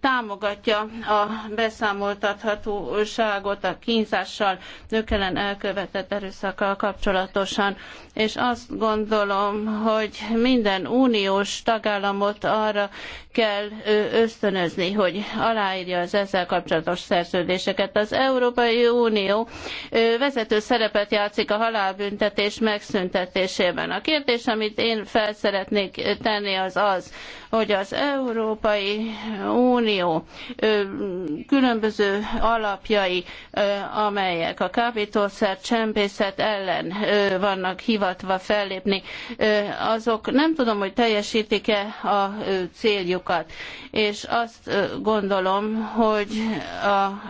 támogatja a beszámoltathatóságot a kínzással, nők ellen elkövetett erőszakkal kapcsolatosan, és azt gondolom, hogy minden uniós tagállamot arra kell ösztönözni, hogy aláírja az ezzel kapcsolatos szerződéseket. Az Európai Unió vezető szerepet játszik a halálbüntetés megszüntetésében. A kérdés, amit én fel szeretnék tenni, az az, hogy az Európai Unió különböző alapjai, amelyek a kábítószer csempészet ellen vannak hivatva fellépni, azok nem tudom, hogy teljesítik-e a céljukat célokat. És azt gondolom, hogy a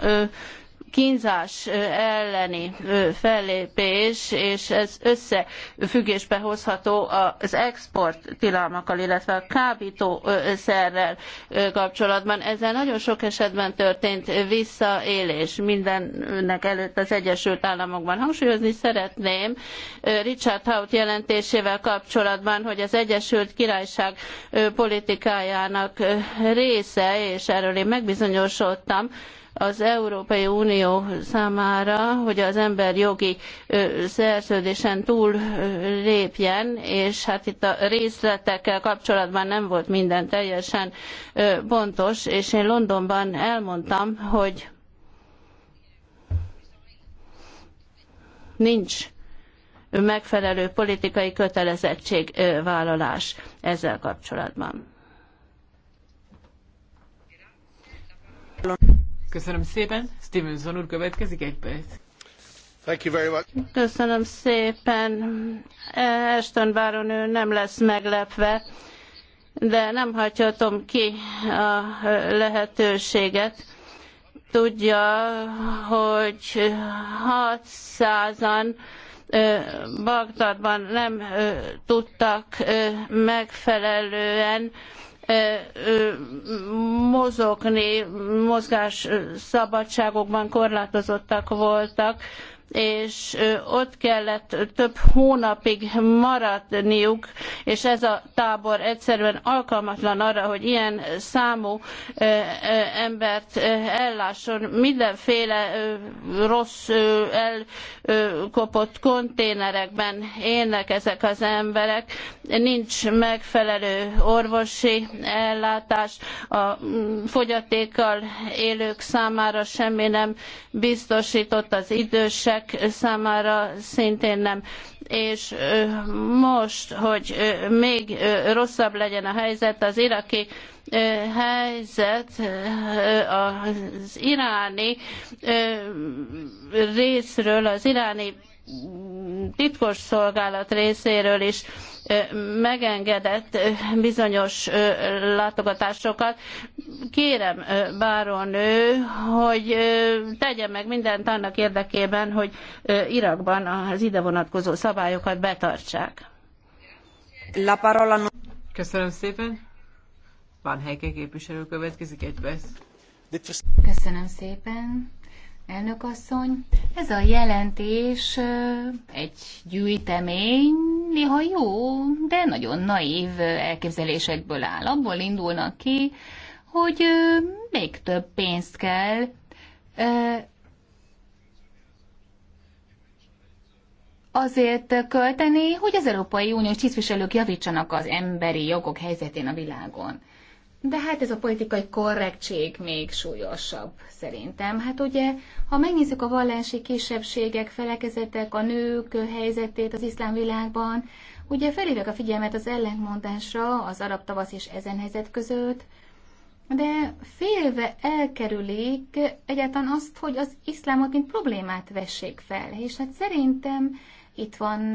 kínzás elleni fellépés, és ez összefüggésbe hozható az export tilalmakkal, illetve a kábítószerrel kapcsolatban. Ezzel nagyon sok esetben történt visszaélés mindennek előtt az Egyesült Államokban. Hangsúlyozni szeretném Richard Hout jelentésével kapcsolatban, hogy az Egyesült Királyság politikájának része, és erről én megbizonyosodtam, az Európai Unió számára, hogy az ember jogi szerződésen túl lépjen, és hát itt a részletekkel kapcsolatban nem volt minden teljesen pontos, és én Londonban elmondtam, hogy nincs megfelelő politikai kötelezettségvállalás ezzel kapcsolatban. Köszönöm szépen. Stevenson úr következik egy perc. Köszönöm szépen. Ashton Baron nem lesz meglepve, de nem hagyhatom ki a lehetőséget. Tudja, hogy 600-an Bagdadban nem tudtak megfelelően mozogni, mozgás szabadságokban korlátozottak voltak, és ott kellett több hónapig maradniuk, és ez a tábor egyszerűen alkalmatlan arra, hogy ilyen számú embert ellásson. Mindenféle rossz, elkopott konténerekben élnek ezek az emberek, nincs megfelelő orvosi ellátás, a mm, fogyatékkal élők számára semmi nem biztosított az idősek, idősek számára szintén nem. És most, hogy még rosszabb legyen a helyzet, az iraki helyzet az iráni részről, az iráni titkos szolgálat részéről is megengedett bizonyos látogatásokat. Kérem Báronő, hogy tegye meg mindent annak érdekében, hogy Irakban az ide vonatkozó szabályokat betartsák. La parola... Köszönöm szépen. Van Heike képviselő következik egy perc. Köszönöm szépen. Elnök asszony, ez a jelentés egy gyűjtemény, néha jó, de nagyon naív elképzelésekből áll. Abból indulnak ki, hogy még több pénzt kell azért költeni, hogy az Európai Uniós tisztviselők javítsanak az emberi jogok helyzetén a világon. De hát ez a politikai korrektség még súlyosabb szerintem. Hát ugye, ha megnézzük a vallási kisebbségek, felekezetek, a nők helyzetét az iszlám világban, ugye felhívják a figyelmet az ellentmondásra az arab tavasz és ezen helyzet között, de félve elkerülik egyáltalán azt, hogy az iszlámot mint problémát vessék fel. És hát szerintem itt van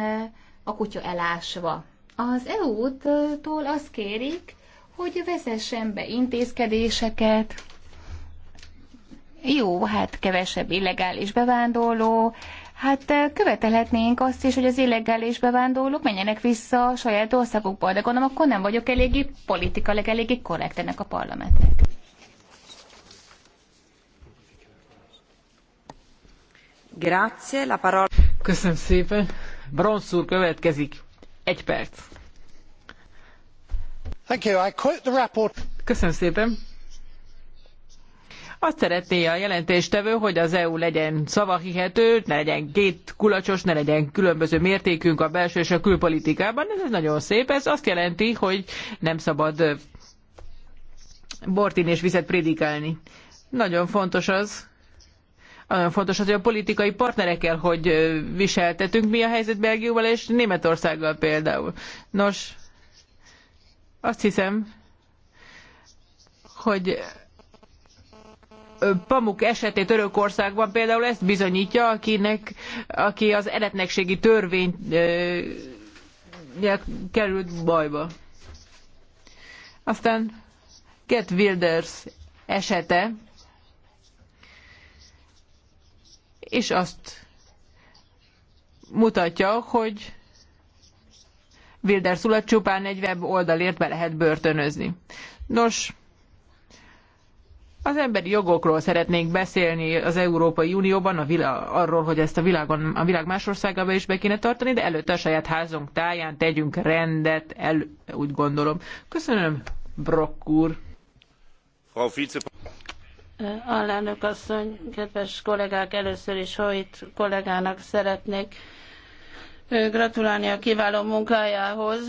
a kutya elásva. Az EU-tól azt kérik, hogy vezessen be intézkedéseket. Jó, hát kevesebb illegális bevándorló, Hát eh, követelhetnénk azt is, hogy az illegális bevándorlók menjenek vissza a saját országukba, de gondolom akkor nem vagyok eléggé politikailag eléggé korrekt ennek a parlamentnek. Grazie, la parola. Köszönöm szépen. Bronz úr következik. Egy perc. Köszönöm szépen. Azt szeretné a jelentéstevő, hogy az EU legyen szavahihető, ne legyen két kulacsos, ne legyen különböző mértékünk a belső és a külpolitikában. Ez nagyon szép. Ez azt jelenti, hogy nem szabad inni és vizet prédikálni. Nagyon fontos az, nagyon fontos az, hogy a politikai partnerekkel hogy viseltetünk. Mi a helyzet Belgiummal és Németországgal például. Nos, azt hiszem, hogy Pamuk esetét Törökországban például ezt bizonyítja, akinek, aki az eretnekségi törvény került bajba. Aztán Get Wilders esete, és azt mutatja, hogy Wilder Szulat csupán egy web oldalért be lehet börtönözni. Nos, az emberi jogokról szeretnék beszélni az Európai Unióban, a vilá- arról, hogy ezt a, világon, a világ más országába is be kéne tartani, de előtte a saját házunk táján tegyünk rendet, el, úgy gondolom. Köszönöm, Brock úr. Frau Alelnök asszony, kedves kollégák, először is Hoyt kollégának szeretnék gratulálni a kiváló munkájához.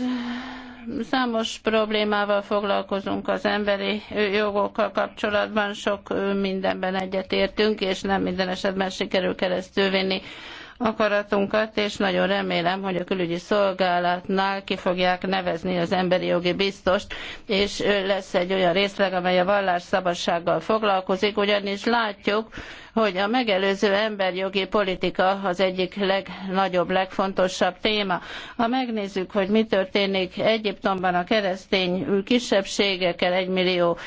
Számos problémával foglalkozunk az emberi jogokkal kapcsolatban, sok mindenben egyetértünk, és nem minden esetben sikerül vinni akaratunkat, és nagyon remélem, hogy a külügyi szolgálatnál ki fogják nevezni az emberi jogi biztost, és lesz egy olyan részleg, amely a vallásszabadsággal foglalkozik, ugyanis látjuk, hogy a megelőző emberjogi politika az egyik legnagyobb, legfontosabb téma. Ha megnézzük, hogy mi történik Egyiptomban a keresztény kisebbségekkel, egymillió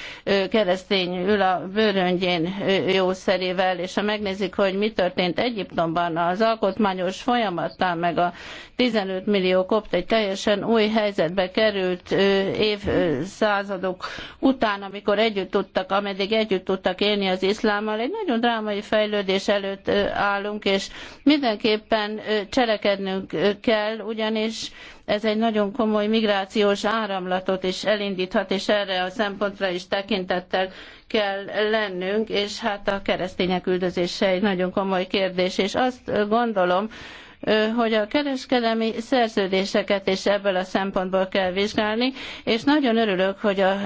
keresztény ül a bőröngyén jószerével, és ha megnézzük, hogy mi történt Egyiptomban az alkotmányos folyamattal, meg a 15 millió kopt egy teljesen új helyzetbe került évszázadok után, amikor együtt tudtak, ameddig együtt tudtak élni az iszlámmal, egy nagyon drámai drámai fejlődés előtt állunk, és mindenképpen cselekednünk kell, ugyanis ez egy nagyon komoly migrációs áramlatot is elindíthat, és erre a szempontra is tekintettel kell lennünk, és hát a keresztények üldözése egy nagyon komoly kérdés, és azt gondolom, hogy a kereskedelmi szerződéseket is ebből a szempontból kell vizsgálni, és nagyon örülök, hogy a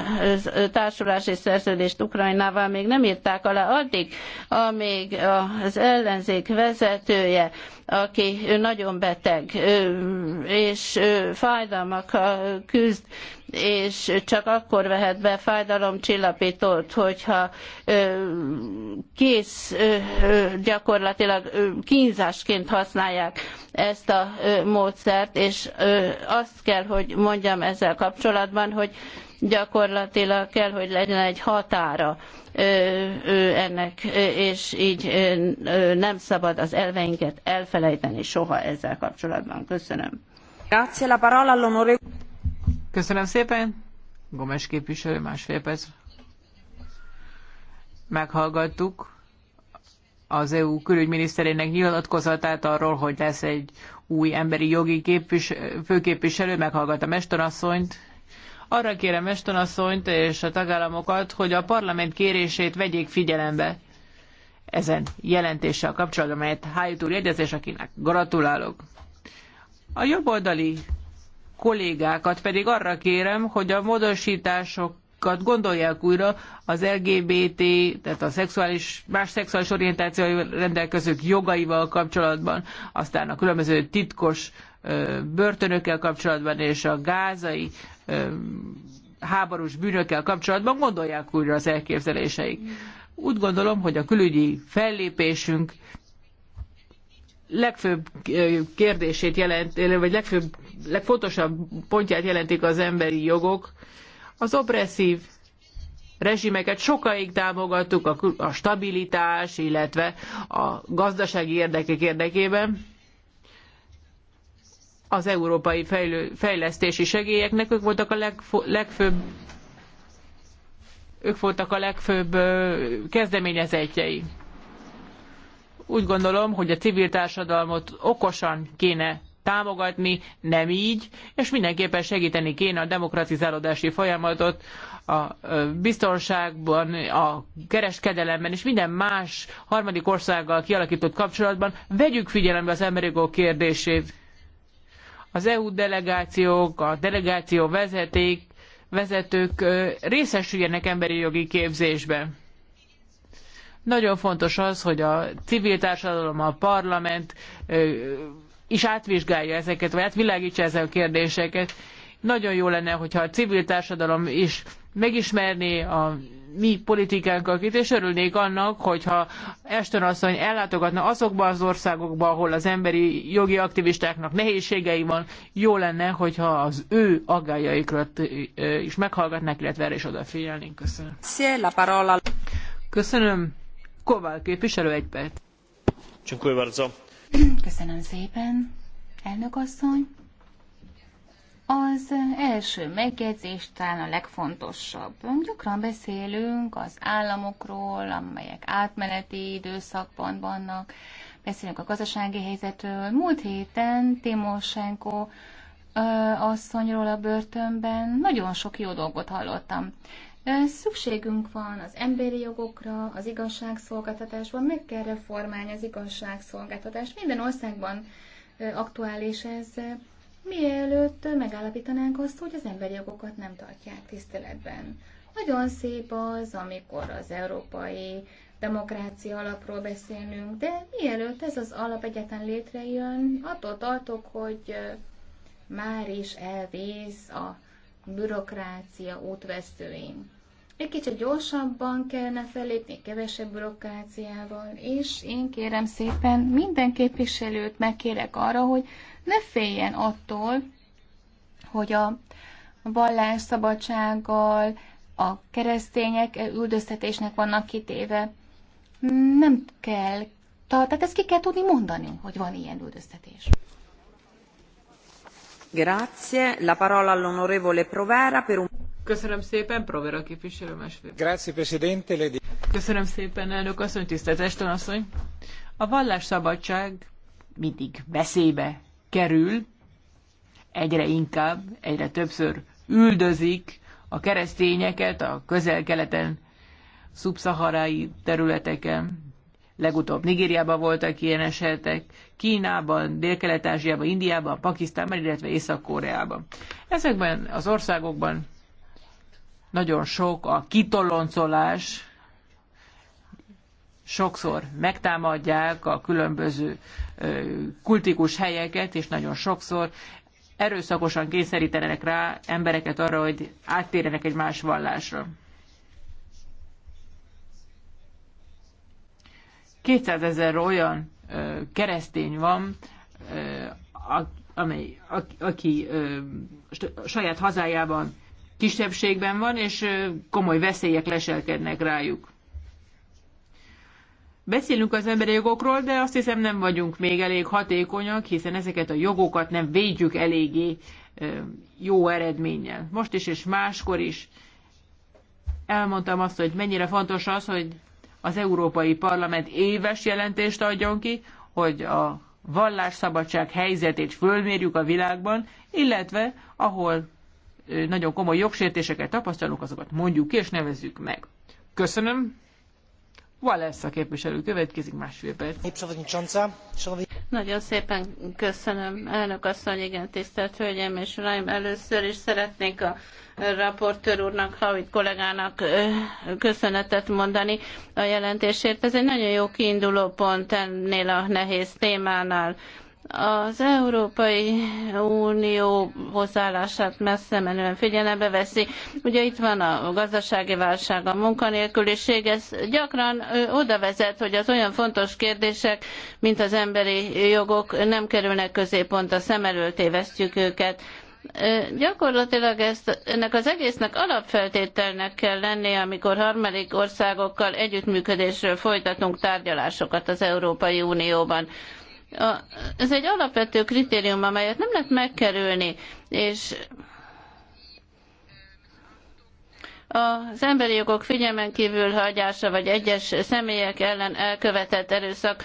társulási szerződést Ukrajnával még nem írták alá addig, amíg az ellenzék vezetője aki nagyon beteg és fájdalmakkal küzd, és csak akkor vehet be fájdalomcsillapítót, hogyha kész gyakorlatilag kínzásként használják ezt a módszert, és azt kell, hogy mondjam ezzel kapcsolatban, hogy gyakorlatilag kell, hogy legyen egy határa ennek, és így nem szabad az elveinket elfelejteni soha ezzel kapcsolatban. Köszönöm. Köszönöm szépen. Gomes képviselő, másfél perc. Meghallgattuk az EU külügyminiszterének nyilatkozatát arról, hogy lesz egy új emberi jogi képvis, főképviselő, meghallgatta Mestonasszonyt. Arra kérem Mestonasszonyt és a tagállamokat, hogy a parlament kérését vegyék figyelembe ezen jelentéssel kapcsolatban, amelyet Hájt úr jegyez, akinek gratulálok. A jobboldali kollégákat pedig arra kérem, hogy a módosításokat gondolják újra az LGBT, tehát a szexuális, más szexuális orientációi rendelkezők jogaival kapcsolatban, aztán a különböző titkos börtönökkel kapcsolatban és a gázai háborús bűnökkel kapcsolatban gondolják újra az elképzeléseik. Úgy gondolom, hogy a külügyi fellépésünk legfőbb kérdését jelent, vagy legfőbb legfontosabb pontját jelentik az emberi jogok. Az opresszív rezsimeket sokáig támogattuk a, a stabilitás, illetve a gazdasági érdekek érdekében. Az európai fejlő, fejlesztési segélyeknek ők voltak a legfo, legfőbb ők voltak a legfőbb kezdeményezetjei. Úgy gondolom, hogy a civil társadalmat okosan kéne támogatni, nem így, és mindenképpen segíteni kéne a demokratizálódási folyamatot a biztonságban, a kereskedelemben és minden más harmadik országgal kialakított kapcsolatban. Vegyük figyelembe az emberi jogok kérdését. Az EU delegációk, a delegáció vezeték, vezetők részesüljenek emberi jogi képzésben. Nagyon fontos az, hogy a civil társadalom, a parlament is átvizsgálja ezeket, vagy átvilágítsa ezzel a kérdéseket. Nagyon jó lenne, hogyha a civil társadalom is megismerné a mi politikánkat akit és örülnék annak, hogyha Eston asszony ellátogatna azokba az országokba, ahol az emberi jogi aktivistáknak nehézségei van, jó lenne, hogyha az ő aggájaikrat is meghallgatnák, illetve erre is odafigyelnénk. Köszönöm. parola. Köszönöm. Koval képviselő, egy perc. Dziękuję bardzo Köszönöm szépen, elnök asszony. Az első megjegyzés talán a legfontosabb. Gyakran beszélünk az államokról, amelyek átmeneti időszakban vannak, beszélünk a gazdasági helyzetről. Múlt héten Timoshenko asszonyról a börtönben nagyon sok jó dolgot hallottam. Szükségünk van az emberi jogokra, az igazságszolgáltatásban, meg kell reformálni az igazságszolgáltatást. Minden országban aktuális ez. Mielőtt megállapítanánk azt, hogy az emberi jogokat nem tartják tiszteletben. Nagyon szép az, amikor az európai demokrácia alapról beszélünk, de mielőtt ez az alap egyetlen létrejön, attól tartok, hogy már is elvész a bürokrácia útvesztőink. Egy kicsit gyorsabban kellene fellépni, kevesebb bürokráciával, és én kérem szépen minden képviselőt megkérek arra, hogy ne féljen attól, hogy a szabadsággal a keresztények üldöztetésnek vannak kitéve. Nem kell, tehát ezt ki kell tudni mondani, hogy van ilyen üldöztetés. Grazie. La parola all'onorevole Provera per un... Köszönöm szépen, Provera képviselő Lady. Köszönöm szépen, elnök asszony, tisztelt Eston asszony. A vallásszabadság mindig veszélybe kerül, egyre inkább, egyre többször üldözik a keresztényeket a közel-keleten, szubszaharai területeken. Legutóbb Nigériában voltak ilyen esetek, Kínában, Dél-Kelet-Ázsiában, Indiában, Pakisztánban, illetve Észak-Koreában. Ezekben az országokban nagyon sok a kitoloncolás, sokszor megtámadják a különböző kultikus helyeket, és nagyon sokszor erőszakosan kényszerítenek rá embereket arra, hogy áttérjenek egy más vallásra. 200 ezer olyan ö, keresztény van, ö, a, amely, a, aki ö, saját hazájában kisebbségben van, és komoly veszélyek leselkednek rájuk. Beszélünk az emberi jogokról, de azt hiszem nem vagyunk még elég hatékonyak, hiszen ezeket a jogokat nem védjük eléggé jó eredménnyel. Most is és máskor is elmondtam azt, hogy mennyire fontos az, hogy az Európai Parlament éves jelentést adjon ki, hogy a vallásszabadság helyzetét fölmérjük a világban, illetve ahol nagyon komoly jogsértéseket tapasztalunk, azokat mondjuk és nevezzük meg. Köszönöm. Wallace a képviselő következik másfél perc. Nagyon szépen köszönöm, elnök asszony, igen, tisztelt hölgyem és uraim. Először is szeretnék a raportőr úrnak, Havid kollégának köszönetet mondani a jelentésért. Ez egy nagyon jó kiinduló pont ennél a nehéz témánál az Európai Unió hozzáállását messze menően figyelembe veszi. Ugye itt van a gazdasági válság, a munkanélküliség, ez gyakran oda vezet, hogy az olyan fontos kérdések, mint az emberi jogok nem kerülnek a szem elől tévesztjük őket gyakorlatilag ezt, ennek az egésznek alapfeltételnek kell lennie, amikor harmadik országokkal együttműködésről folytatunk tárgyalásokat az Európai Unióban. A, ez egy alapvető kritérium, amelyet nem lehet megkerülni, és az emberi jogok figyelmen kívül hagyása, vagy egyes személyek ellen elkövetett erőszak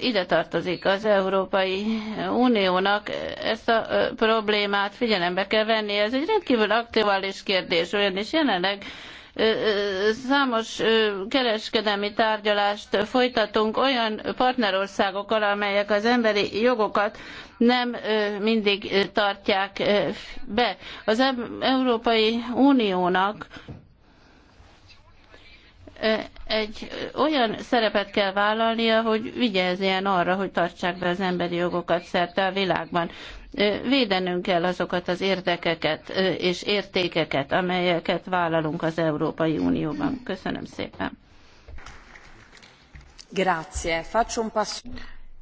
ide tartozik az Európai Uniónak. Ezt a problémát figyelembe kell venni. Ez egy rendkívül aktuális kérdés, olyan is jelenleg Számos kereskedelmi tárgyalást folytatunk olyan partnerországokkal, amelyek az emberi jogokat nem mindig tartják be. Az Európai Uniónak egy olyan szerepet kell vállalnia, hogy vigyázzen arra, hogy tartsák be az emberi jogokat szerte a világban. Védenünk kell azokat az érdekeket és értékeket, amelyeket vállalunk az Európai Unióban. Köszönöm szépen. Grazie. Faccio un passo.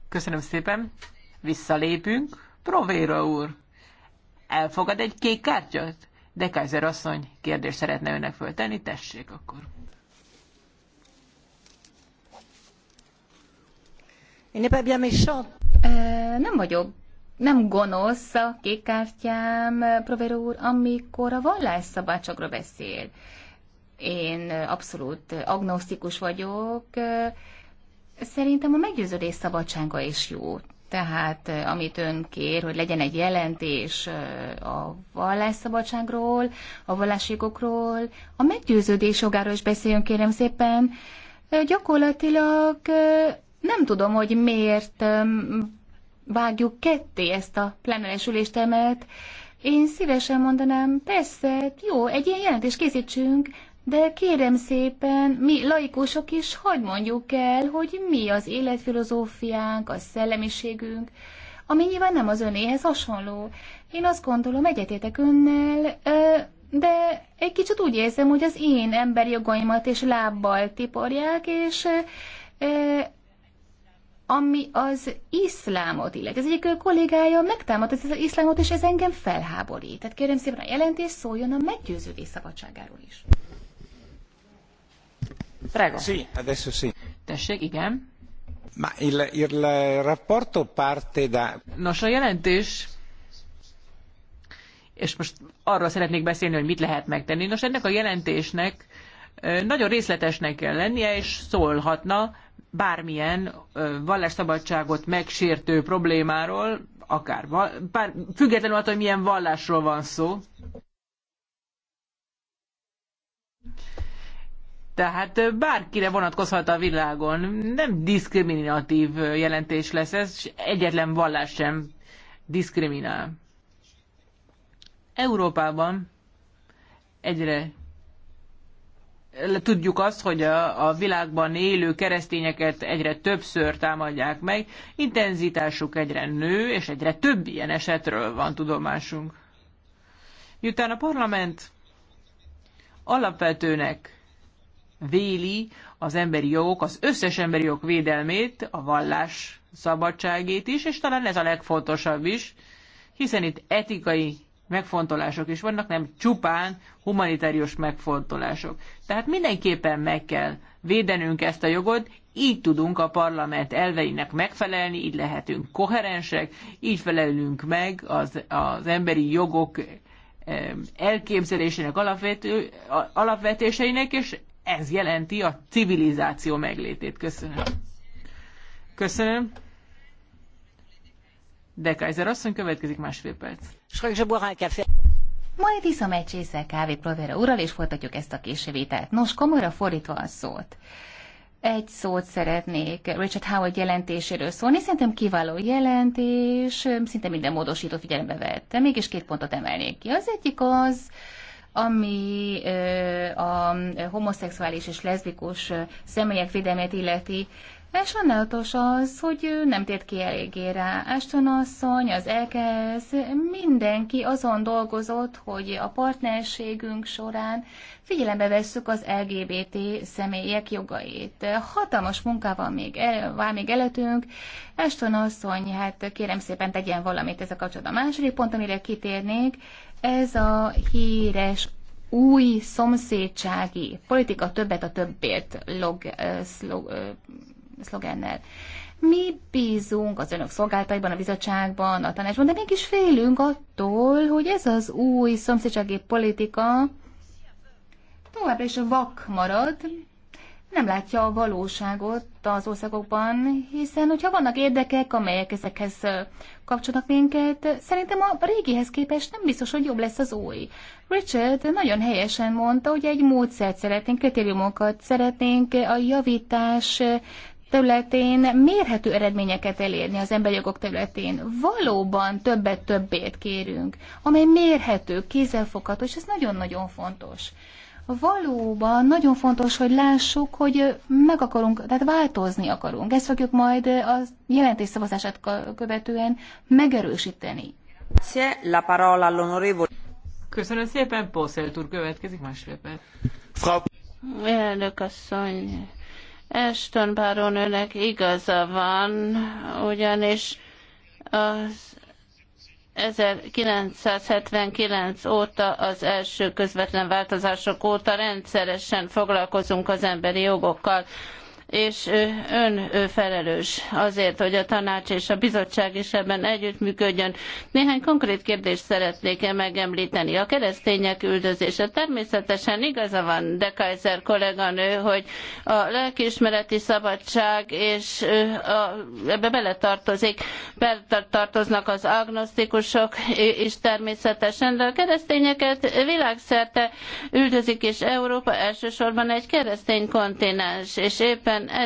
Köszönöm szépen. Visszalépünk. Provéra úr, elfogad egy kék kártyát? De Kaiser asszony kérdést szeretne önnek föltenni, tessék akkor. Nem vagyok nem gonosz a kék kártyám, úr, amikor a vallásszabadságra beszél. Én abszolút agnosztikus vagyok. Szerintem a meggyőződés szabadsága is jó. Tehát amit ön kér, hogy legyen egy jelentés a vallásszabadságról, a vallásjogokról, a meggyőződés jogáról is beszéljünk, kérem szépen. Gyakorlatilag nem tudom, hogy miért vágjuk ketté ezt a plenáris üléstemet. Én szívesen mondanám, persze, jó, egy ilyen jelentést készítsünk, de kérem szépen, mi laikusok is hogy mondjuk el, hogy mi az életfilozófiánk, a szellemiségünk, ami nyilván nem az önéhez hasonló. Én azt gondolom, egyetétek önnel, de egy kicsit úgy érzem, hogy az én emberi jogaimat és lábbal tiporják, és ami az iszlámot illeti. Ez egyik kollégája ezt az iszlámot, és ez engem felháborít. Tehát kérem szépen a jelentés szóljon a meggyőződés szabadságáról is. Prego. Sí, adesso sí. Tessék, igen. Ma il, il rapporto parte da... Nos, a jelentés és most arról szeretnék beszélni, hogy mit lehet megtenni. Nos, ennek a jelentésnek nagyon részletesnek kell lennie, és szólhatna bármilyen vallásszabadságot megsértő problémáról, akár bár, függetlenül attól, hogy milyen vallásról van szó. Tehát bárkire vonatkozhat a világon. Nem diszkriminatív jelentés lesz ez, és egyetlen vallás sem diszkriminál. Európában egyre tudjuk azt, hogy a, a világban élő keresztényeket egyre többször támadják meg, intenzitásuk egyre nő, és egyre több ilyen esetről van tudomásunk. Miután a parlament alapvetőnek véli az emberi jogok, az összes emberi jog védelmét, a vallás szabadságét is, és talán ez a legfontosabb is, hiszen itt etikai megfontolások is vannak, nem csupán humanitárius megfontolások. Tehát mindenképpen meg kell védenünk ezt a jogot, így tudunk a parlament elveinek megfelelni, így lehetünk koherensek, így felelünk meg az, az emberi jogok elképzelésének alapvető, alapvetéseinek, és ez jelenti a civilizáció meglétét. Köszönöm. Köszönöm. De Kaiser asszony következik másfél perc. Majd iszom egy csésze kávé Provera ural, és folytatjuk ezt a késővételt. Nos, komolyra fordítva a szót. Egy szót szeretnék Richard Howard jelentéséről szólni. Szerintem kiváló jelentés, szinte minden módosító figyelembe vette. Mégis két pontot emelnék ki. Az egyik az, ami a homoszexuális és leszbikus személyek védelmét illeti, és sajnálatos az, hogy nem tért ki eléggé rá. Ashton asszony, az EKS, mindenki azon dolgozott, hogy a partnerségünk során figyelembe vesszük az LGBT személyek jogait. Hatalmas munkával még el, vár még előttünk. Ashton asszony, hát kérem szépen tegyen valamit a kapcsolat. A második pont, amire kitérnék, ez a híres új szomszédsági politika többet a többért log, szlog, szlogennel. Mi bízunk az önök szolgáltaiban, a bizottságban, a tanácsban, de mégis félünk attól, hogy ez az új szomszédsági politika továbbra is vak marad, nem látja a valóságot az országokban, hiszen hogyha vannak érdekek, amelyek ezekhez kapcsolnak minket, szerintem a régihez képest nem biztos, hogy jobb lesz az új. Richard nagyon helyesen mondta, hogy egy módszert szeretnénk, kritériumokat szeretnénk a javítás területén mérhető eredményeket elérni az emberi jogok területén. Valóban többet többét kérünk, amely mérhető, kézzelfogható, és ez nagyon-nagyon fontos. Valóban nagyon fontos, hogy lássuk, hogy meg akarunk, tehát változni akarunk. Ezt fogjuk majd a jelentés szavazását követően megerősíteni. Köszönöm szépen, Pószert úr következik másfél perc. Elnök asszony, Ashton Baronőnek igaza van, ugyanis az 1979 óta, az első közvetlen változások óta rendszeresen foglalkozunk az emberi jogokkal és ön felelős azért, hogy a tanács és a bizottság is ebben együttműködjön. Néhány konkrét kérdést szeretnék -e megemlíteni. A keresztények üldözése természetesen igaza van, de Kaiser kolléganő, hogy a lelkiismereti szabadság és a, ebbe beletartozik, beletartoznak az agnosztikusok is természetesen, de a keresztényeket világszerte üldözik, és Európa elsősorban egy keresztény kontinens, és éppen éppen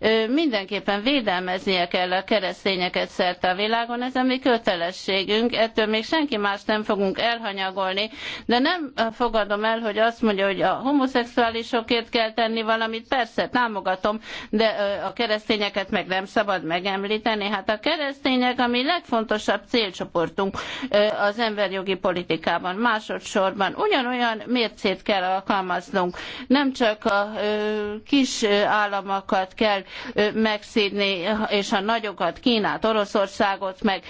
ezért mindenképpen védelmeznie kell a keresztényeket szerte a világon, ez a mi kötelességünk, ettől még senki más nem fogunk elhanyagolni, de nem fogadom el, hogy azt mondja, hogy a homoszexuálisokért kell tenni valamit, persze támogatom, de a keresztényeket meg nem szabad megemlíteni. Hát a keresztények a mi legfontosabb célcsoportunk az emberjogi politikában. Másodszorban ugyanolyan mércét kell alkalmaznunk, nem csak a kis állam kisállamokat kell megszídni, és a nagyokat, Kínát, Oroszországot meg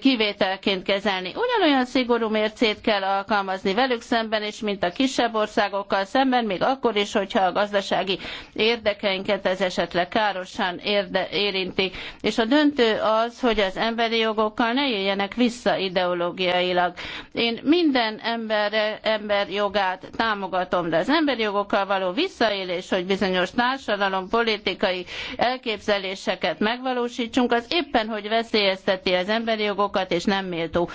kivételként kezelni. Ugyanolyan szigorú mércét kell alkalmazni velük szemben, és mint a kisebb országokkal szemben, még akkor is, hogyha a gazdasági érdekeinket ez esetleg károsan érde, érinti. És a döntő az, hogy az emberi jogokkal ne jöjjenek vissza ideológiailag. Én minden emberre, ember jogát támogatom, de az emberi jogokkal való visszaélés, hogy bizonyos társadalom olyan politikai elképzeléseket megvalósítsunk, az éppen, hogy veszélyezteti az emberi jogokat, és nem méltó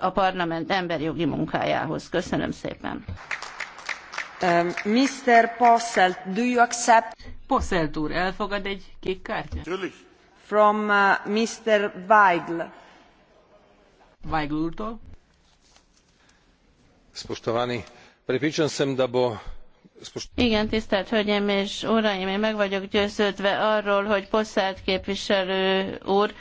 a parlament emberi jogi munkájához. Köszönöm szépen. Um, Mr. Posselt, do you accept... Posselt úr, elfogad egy kék kártyát? From uh, Mr. Weigl. Weigl úrtól. Spoštovani, prepričan sem, da bo igen, tisztelt Hölgyeim és Uraim, én meg vagyok győződve arról, hogy Posszát képviselő úr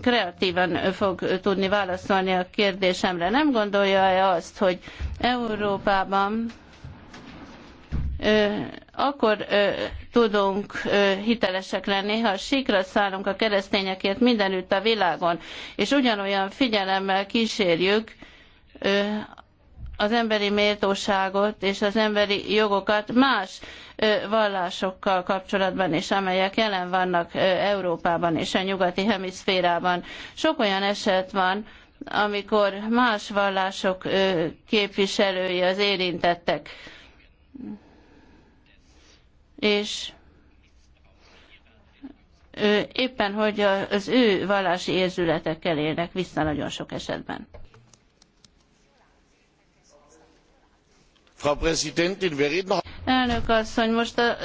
kreatívan fog tudni válaszolni a kérdésemre. Nem gondolja-e azt, hogy Európában ö, akkor ö, tudunk ö, hitelesek lenni, ha sikra szállunk a keresztényekért mindenütt a világon, és ugyanolyan figyelemmel kísérjük az emberi méltóságot és az emberi jogokat más vallásokkal kapcsolatban is, amelyek jelen vannak Európában és a nyugati hemiszférában. Sok olyan eset van, amikor más vallások képviselői az érintettek. És éppen, hogy az ő vallási érzületekkel élnek vissza nagyon sok esetben. Elnök asszony, most a,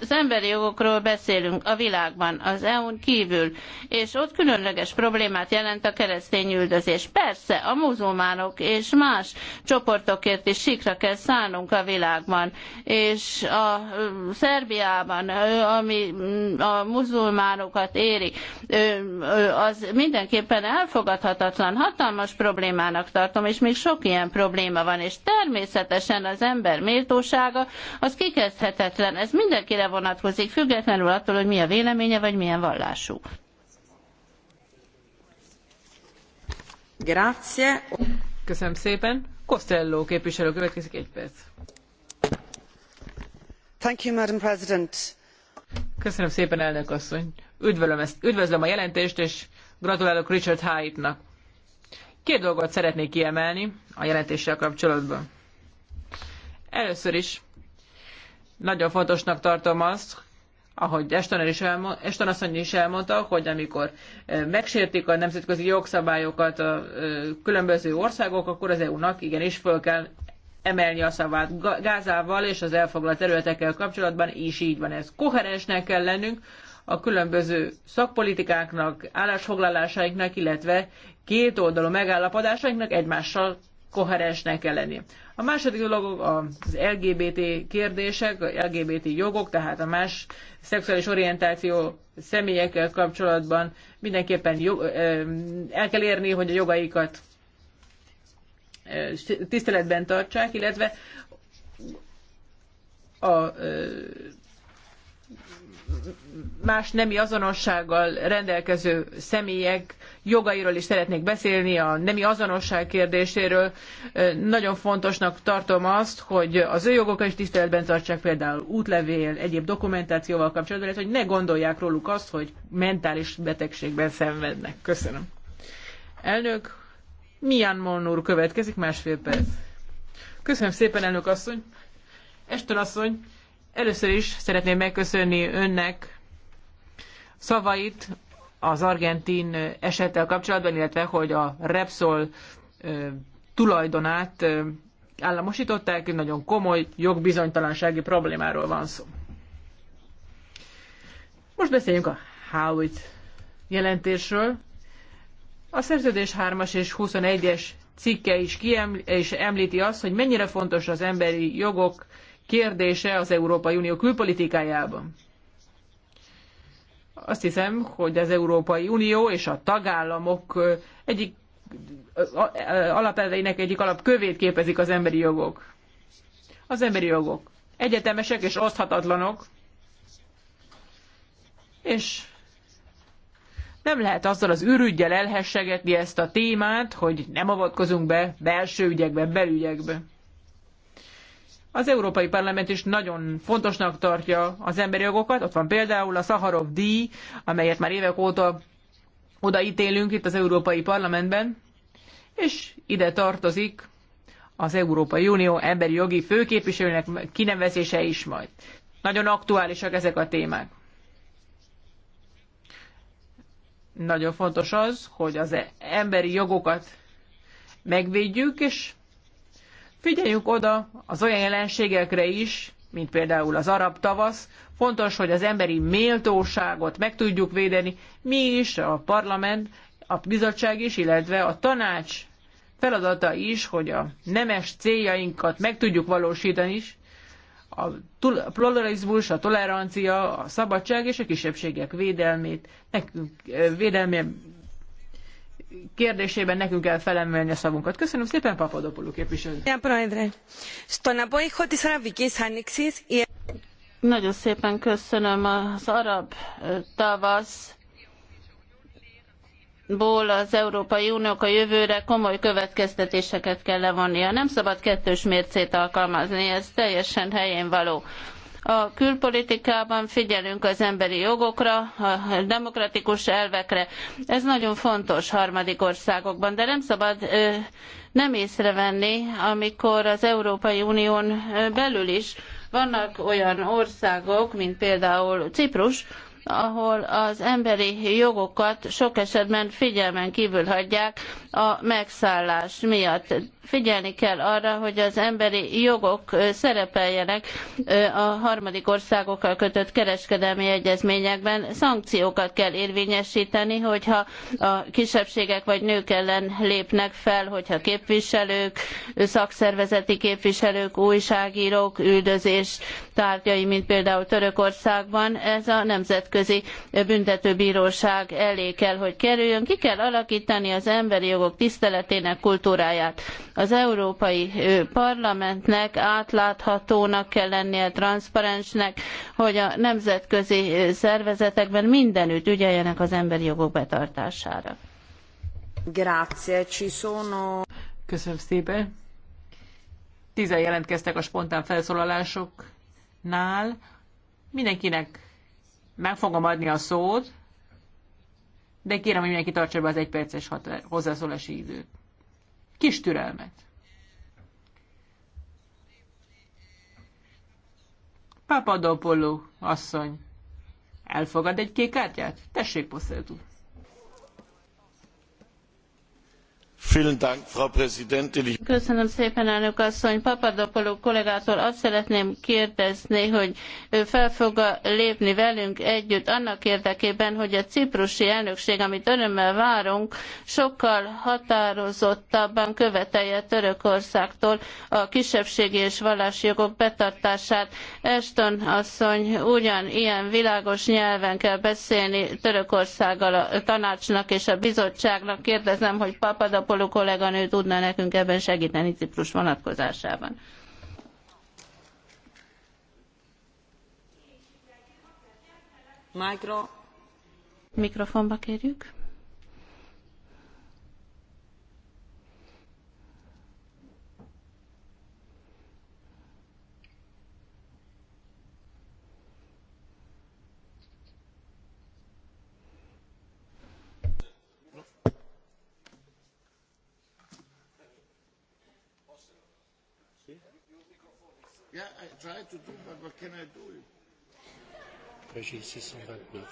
az emberi jogokról beszélünk a világban, az EU-n kívül, és ott különleges problémát jelent a keresztényüldözés. Persze, a muzulmánok és más csoportokért is sikra kell szállnunk a világban, és a Szerbiában, ami mm, a muzulmánokat éri, az mindenképpen elfogadhatatlan, hatalmas problémának tartom, és még sok ilyen probléma van, és természetesen az ember méltósága, az kikezdhetetlen. Ez mindenkire vonatkozik, függetlenül attól, hogy mi a véleménye, vagy milyen vallású. Grazie. Köszönöm szépen. Costello képviselő következik egy perc. Thank you, Madam President. Köszönöm szépen, elnök asszony. Üdvözlöm, ezt, üdvözlöm a jelentést, és gratulálok Richard Hyde-nak. Két dolgot szeretnék kiemelni a jelentéssel kapcsolatban. Először is nagyon fontosnak tartom azt, ahogy Eston, is asszony is elmondta, hogy amikor megsértik a nemzetközi jogszabályokat a különböző országok, akkor az EU-nak igenis föl kell emelni a szavát Gázával és az elfoglalt területekkel kapcsolatban, és így van ez. Koherensnek kell lennünk a különböző szakpolitikáknak, állásfoglalásainknak, illetve két oldalú megállapodásainknak egymással koherensnek kell lenni. A második dolog az LGBT kérdések, LGBT jogok, tehát a más szexuális orientáció személyekkel kapcsolatban mindenképpen jog, el kell érni, hogy a jogaikat tiszteletben tartsák, illetve a más nemi azonossággal rendelkező személyek jogairól is szeretnék beszélni, a nemi azonosság kérdéséről. Nagyon fontosnak tartom azt, hogy az ő jogokat is tiszteletben tartsák, például útlevél, egyéb dokumentációval kapcsolatban, hogy ne gondolják róluk azt, hogy mentális betegségben szenvednek. Köszönöm. Elnök, Mian Monur következik, másfél perc. Köszönöm szépen, elnök asszony. Eston asszony, Először is szeretném megköszönni önnek szavait az argentin esettel kapcsolatban, illetve hogy a Repsol tulajdonát államosították, nagyon komoly jogbizonytalansági problémáról van szó. Most beszéljünk a Howitt jelentésről. A szerződés 3-as és 21-es cikke is, kiemli és említi azt, hogy mennyire fontos az emberi jogok kérdése az Európai Unió külpolitikájában. Azt hiszem, hogy az Európai Unió és a tagállamok egyik alapelveinek egyik alapkövét képezik az emberi jogok. Az emberi jogok egyetemesek és oszthatatlanok, és nem lehet azzal az ürügyjel elhessegetni ezt a témát, hogy nem avatkozunk be belső ügyekbe, belügyekbe. Az Európai Parlament is nagyon fontosnak tartja az emberi jogokat. Ott van például a Szaharov díj, amelyet már évek óta odaítélünk itt az Európai Parlamentben, és ide tartozik az Európai Unió emberi jogi főképviselőnek kinevezése is majd. Nagyon aktuálisak ezek a témák. Nagyon fontos az, hogy az emberi jogokat megvédjük, és Figyeljünk oda az olyan jelenségekre is, mint például az arab tavasz. Fontos, hogy az emberi méltóságot meg tudjuk védeni. Mi is, a parlament, a bizottság is, illetve a tanács feladata is, hogy a nemes céljainkat meg tudjuk valósítani is. A pluralizmus, a tolerancia, a szabadság és a kisebbségek védelmét, nekünk, eh, védelmét kérdésében nekünk kell felemelni a szavunkat. Köszönöm szépen, Papadopoulou képviselő. Nagyon szépen köszönöm az arab tavasz ból az Európai Uniók a jövőre komoly következtetéseket kell levonnia. Nem szabad kettős mércét alkalmazni, ez teljesen helyén való a külpolitikában figyelünk az emberi jogokra, a demokratikus elvekre. Ez nagyon fontos harmadik országokban, de nem szabad nem észrevenni, amikor az Európai Unión belül is vannak olyan országok, mint például Ciprus, ahol az emberi jogokat sok esetben figyelmen kívül hagyják, a megszállás miatt. Figyelni kell arra, hogy az emberi jogok szerepeljenek a harmadik országokkal kötött kereskedelmi egyezményekben. Szankciókat kell érvényesíteni, hogyha a kisebbségek vagy nők ellen lépnek fel, hogyha képviselők, szakszervezeti képviselők, újságírók, üldözés tárgyai, mint például Törökországban. Ez a Nemzetközi Büntetőbíróság elé kell, hogy kerüljön. Ki kell alakítani az emberi jogok jogok tiszteletének kultúráját. Az Európai Parlamentnek átláthatónak kell lennie, transzparensnek, hogy a nemzetközi szervezetekben mindenütt ügyeljenek az emberi jogok betartására. Grazie, ci sono... Köszönöm szépen. Tizen jelentkeztek a spontán felszólalásoknál. Mindenkinek meg fogom adni a szót, de kérem, hogy mindenki tartsa be az egyperces hozzászólási időt. Kis türelmet. Papadopoló asszony, elfogad egy kék kártyát? Tessék, Poszeltú. Köszönöm szépen, elnök asszony. Papadopoulou kollégától azt szeretném kérdezni, hogy ő fel fog lépni velünk együtt annak érdekében, hogy a ciprusi elnökség, amit örömmel várunk, sokkal határozottabban követelje Törökországtól a kisebbségi és vallási jogok betartását. Ashton asszony ugyan ilyen világos nyelven kell beszélni Törökországgal a tanácsnak és a bizottságnak. Kérdezem, hogy Papadopoulou Papadopoulou kolléganő tudna nekünk ebben segíteni Ciprus vonatkozásában. Mikrofonba kérjük. try to do, but what can I do? Regie 629.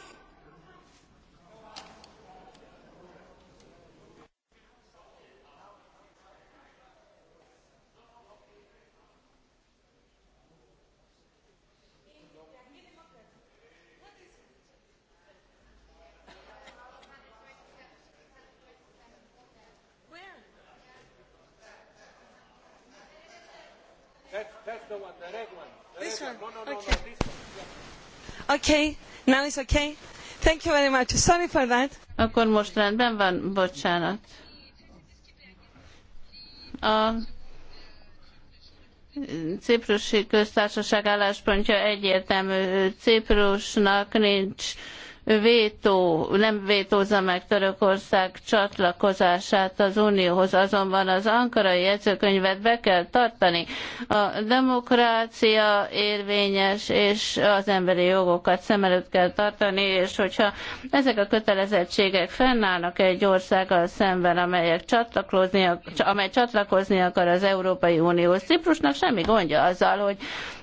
okay? Now it's okay? Thank you very much. Sorry for that. Akkor most rendben van, bocsánat. A ciprusi köztársaság álláspontja egyértelmű. Ciprusnak nincs vétó, nem vétózza meg Törökország csatlakozását az Unióhoz, azonban az ankarai jegyzőkönyvet be kell tartani. A demokrácia érvényes, és az emberi jogokat szem előtt kell tartani, és hogyha ezek a kötelezettségek fennállnak egy országgal szemben, amelyek csatlakozni, amely csatlakozni akar az Európai Unióhoz, Ciprusnak semmi gondja azzal, hogy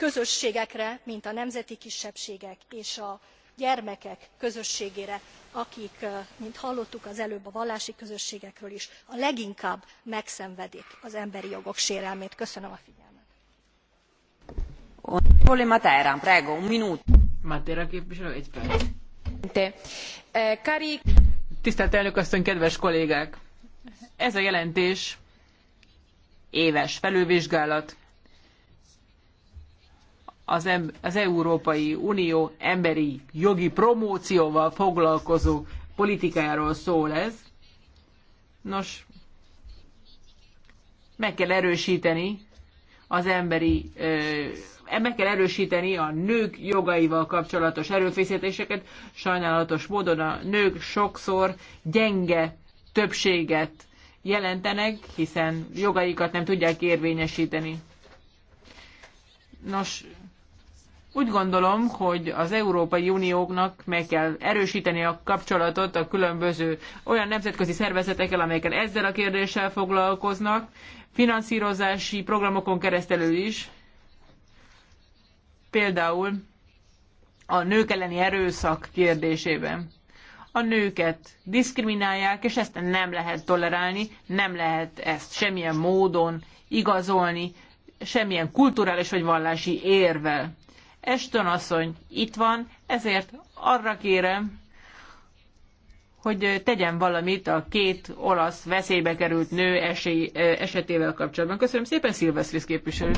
közösségekre mint a nemzeti kisebbségek és a gyermekek közösségére akik mint hallottuk az előbb a vallási közösségekről is a leginkább megszenvedik az emberi jogok sérelmét. köszönöm a figyelmet. Eh, tisztelt elnök asszony kedves kollégák! ez a jelentés éves felülvizsgálat az, em- az Európai Unió emberi jogi promócióval foglalkozó politikájáról szól ez. Nos, meg kell erősíteni az emberi, meg kell erősíteni a nők jogaival kapcsolatos erőfeszítéseket. Sajnálatos módon a nők sokszor gyenge többséget jelentenek, hiszen jogaikat nem tudják érvényesíteni. Nos, úgy gondolom, hogy az Európai Unióknak meg kell erősíteni a kapcsolatot a különböző olyan nemzetközi szervezetekkel, amelyekkel ezzel a kérdéssel foglalkoznak, finanszírozási programokon keresztül is, például a nők elleni erőszak kérdésében. A nőket diszkriminálják, és ezt nem lehet tolerálni, nem lehet ezt semmilyen módon igazolni, semmilyen kulturális vagy vallási érvel. Eston asszony itt van, ezért arra kérem, hogy tegyen valamit a két olasz veszélybe került nő esély, esetével kapcsolatban. Köszönöm szépen, Szilveszris képviselő.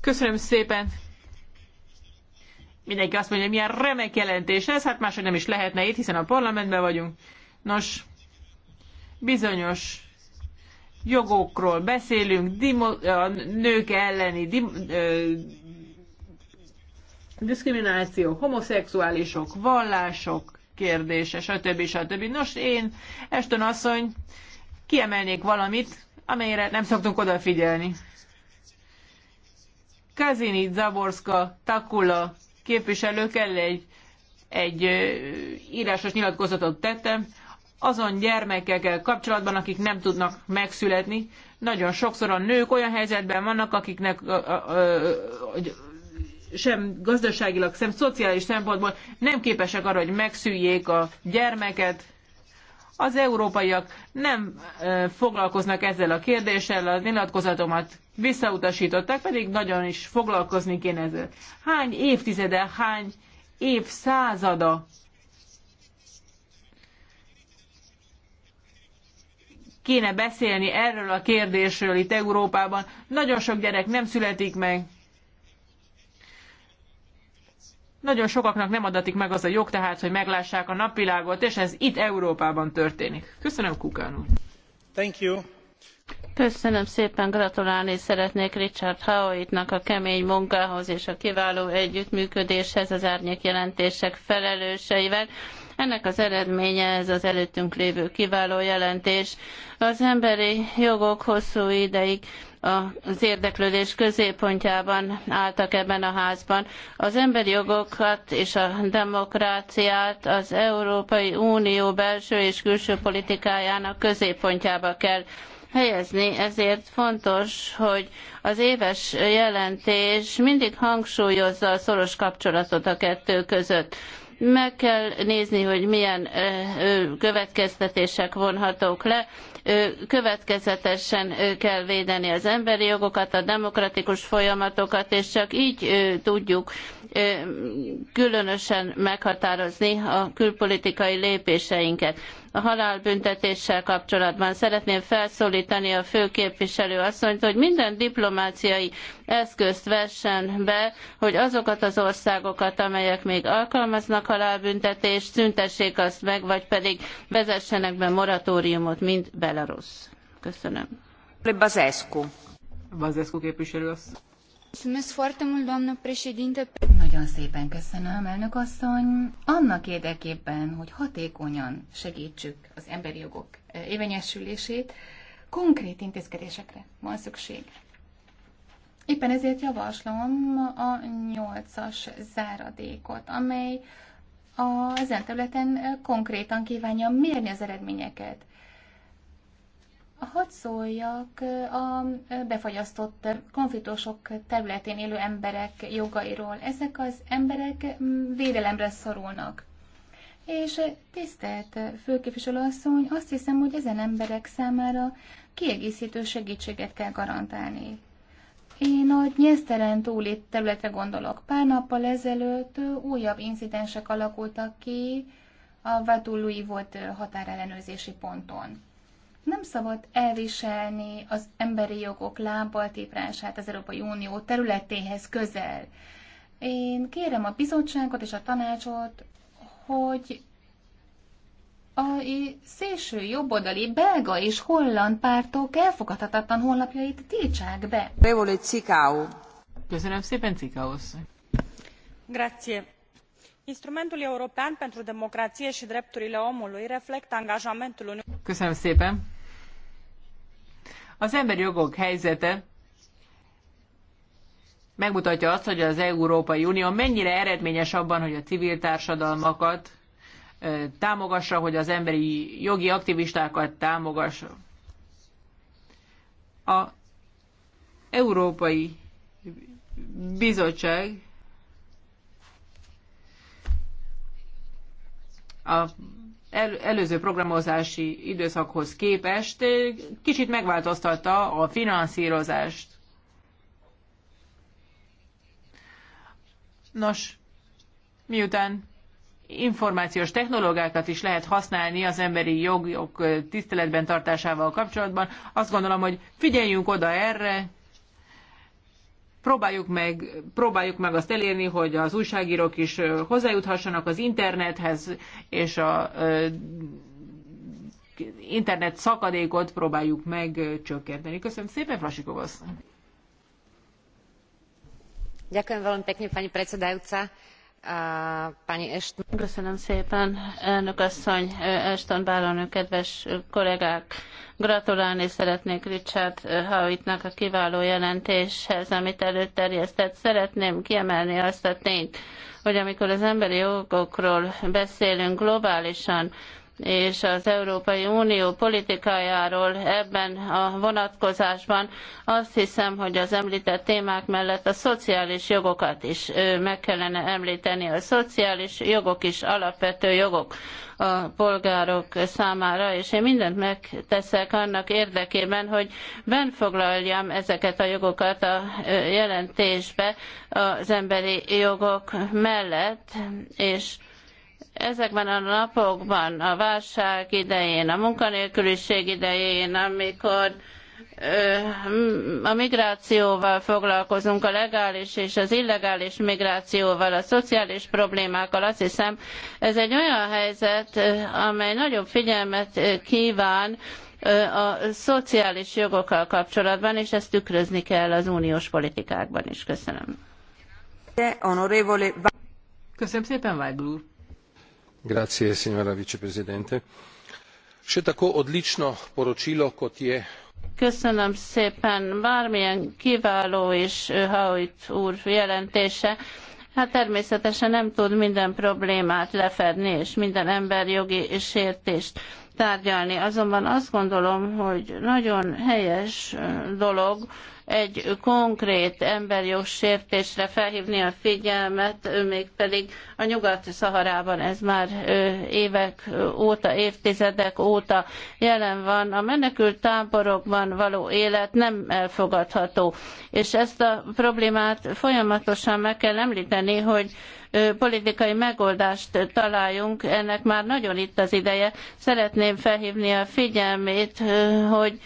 Köszönöm szépen. Mindenki azt mondja, milyen remek jelentés ez, hát máshogy nem is lehetne itt, hiszen a parlamentben vagyunk. Nos, bizonyos jogokról beszélünk, dimo- a nők elleni dim- ö, diszkrimináció, homoszexuálisok, vallások kérdése, stb. stb. Nos, én, Eston asszony, kiemelnék valamit, amelyre nem szoktunk odafigyelni. Kazini, Zaborska, Takula képviselők ellen egy, egy írásos nyilatkozatot tettem, azon gyermekekkel kapcsolatban, akik nem tudnak megszületni. Nagyon sokszor a nők olyan helyzetben vannak, akiknek sem gazdaságilag, sem szociális szempontból nem képesek arra, hogy megszüljék a gyermeket. Az európaiak nem foglalkoznak ezzel a kérdéssel, az nyilatkozatomat visszautasították, pedig nagyon is foglalkozni kéne ezzel. Hány évtizede, hány évszázada kéne beszélni erről a kérdésről itt Európában. Nagyon sok gyerek nem születik meg. Nagyon sokaknak nem adatik meg az a jog, tehát, hogy meglássák a napvilágot, és ez itt Európában történik. Köszönöm, Kukán úr. Thank you. Köszönöm szépen, gratulálni szeretnék Richard Howittnak a kemény munkához és a kiváló együttműködéshez az árnyék jelentések felelőseivel. Ennek az eredménye ez az előttünk lévő kiváló jelentés. Az emberi jogok hosszú ideig az érdeklődés középpontjában álltak ebben a házban. Az emberi jogokat és a demokráciát az Európai Unió belső és külső politikájának középpontjába kell helyezni, ezért fontos, hogy az éves jelentés mindig hangsúlyozza a szoros kapcsolatot a kettő között. Meg kell nézni, hogy milyen következtetések vonhatók le. Következetesen kell védeni az emberi jogokat, a demokratikus folyamatokat, és csak így tudjuk különösen meghatározni a külpolitikai lépéseinket a halálbüntetéssel kapcsolatban. Szeretném felszólítani a főképviselő asszonyt, hogy minden diplomáciai eszközt vessen be, hogy azokat az országokat, amelyek még alkalmaznak halálbüntetést, szüntessék azt meg, vagy pedig vezessenek be moratóriumot, mint Belarus. Köszönöm. Bazescu. Bazescu képviselő asszony. Nagyon szépen köszönöm, elnök asszony. Annak érdekében, hogy hatékonyan segítsük az emberi jogok e, érvényesülését, konkrét intézkedésekre van szükség. Éppen ezért javaslom a nyolcas záradékot, amely a, ezen területen konkrétan kívánja mérni az eredményeket. Hadd szóljak a befagyasztott konfliktusok területén élő emberek jogairól. Ezek az emberek mm, védelemre szorulnak. És tisztelt Főképviselő Asszony, azt hiszem, hogy ezen emberek számára kiegészítő segítséget kell garantálni. Én a Nyeszteren túli területre gondolok. Pár nappal ezelőtt újabb incidensek alakultak ki a Vatului volt határellenőrzési ponton. Nem szabad elviselni az emberi jogok lábbaltéprását az Európai Unió területéhez közel. Én kérem a bizottságot és a tanácsot, hogy a szélső jobboldali belga és holland pártok elfogadhatatlan honlapjait tiltsák be. Köszönöm szépen, Cikáosz. Grazie instrumentul european pentru democraie i drepturile omului reflectă angajamentul uniunii. Köszönöm szépen. Az emberi jogok helyzete megmutatja azt, hogy az Európai Unió mennyire eredményes abban, hogy a civil társadalmakat támogassa, hogy az emberi jogi aktivistákat támogassa. az Európai Bizottság a el, előző programozási időszakhoz képest kicsit megváltoztatta a finanszírozást. Nos, miután információs technológiákat is lehet használni az emberi jogok tiszteletben tartásával kapcsolatban, azt gondolom, hogy figyeljünk oda erre, próbáljuk meg, próbáljuk meg azt elérni, hogy az újságírók is hozzájuthassanak az internethez, és a internet szakadékot próbáljuk meg csökkenteni. Köszönöm szépen, Flasikov Ďakujem veľmi pekne, pani predsedajúca. Köszönöm szépen, elnök asszony, Ashton Bálonő, kedves kollégák! Gratulálni szeretnék Richard Howitnak a kiváló jelentéshez, amit előterjesztett. Szeretném kiemelni azt a tényt, hogy amikor az emberi jogokról beszélünk globálisan, és az Európai Unió politikájáról ebben a vonatkozásban azt hiszem, hogy az említett témák mellett a szociális jogokat is meg kellene említeni. A szociális jogok is alapvető jogok a polgárok számára, és én mindent megteszek annak érdekében, hogy benfoglaljam ezeket a jogokat a jelentésbe az emberi jogok mellett, és ezekben a napokban, a válság idején, a munkanélküliség idején, amikor a migrációval foglalkozunk, a legális és az illegális migrációval, a szociális problémákkal, azt hiszem, ez egy olyan helyzet, amely nagyobb figyelmet kíván a szociális jogokkal kapcsolatban, és ezt tükrözni kell az uniós politikákban is. Köszönöm. Köszönöm szépen, Weigl úr. Grazie, signora vicepresidente. Še tako Köszönöm szépen. Bármilyen kiváló is Hauit úr jelentése. Hát természetesen nem tud minden problémát lefedni, és minden emberjogi sértést tárgyalni. Azonban azt gondolom, hogy nagyon helyes dolog, egy konkrét emberjogsértésre felhívni a figyelmet, mégpedig a Nyugat-Szaharában ez már évek óta, évtizedek óta jelen van. A menekült táborokban való élet nem elfogadható, és ezt a problémát folyamatosan meg kell említeni, hogy politikai megoldást találjunk, ennek már nagyon itt az ideje. Szeretném felhívni a figyelmét, hogy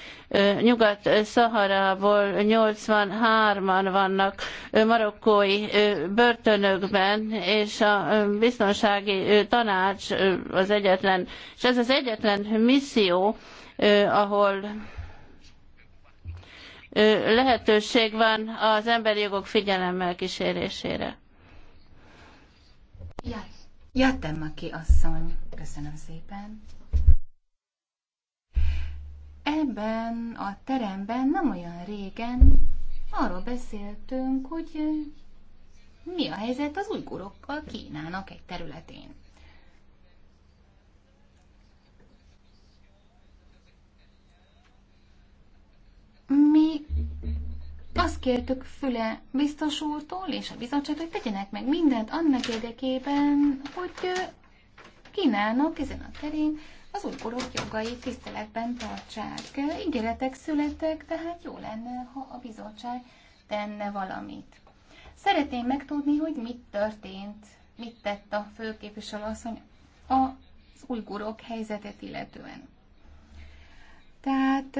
Nyugat-Szaharából 83-an vannak marokkói börtönökben, és a biztonsági tanács az egyetlen, és ez az egyetlen misszió, ahol lehetőség van az emberi jogok figyelemmel kísérésére. ja, aki asszony. Köszönöm szépen. Ebben a teremben nem olyan régen arról beszéltünk, hogy mi a helyzet az ujgurokkal Kínának egy területén. Mi azt kértük Füle biztos úrtól és a bizottságtól, hogy tegyenek meg mindent annak érdekében, hogy Kínának ezen a terén az újkorok jogait tiszteletben tartsák. Ígéretek születtek, tehát jó lenne, ha a bizottság tenne valamit. Szeretném megtudni, hogy mit történt, mit tett a főképviselő asszony az újgurok helyzetet illetően. Tehát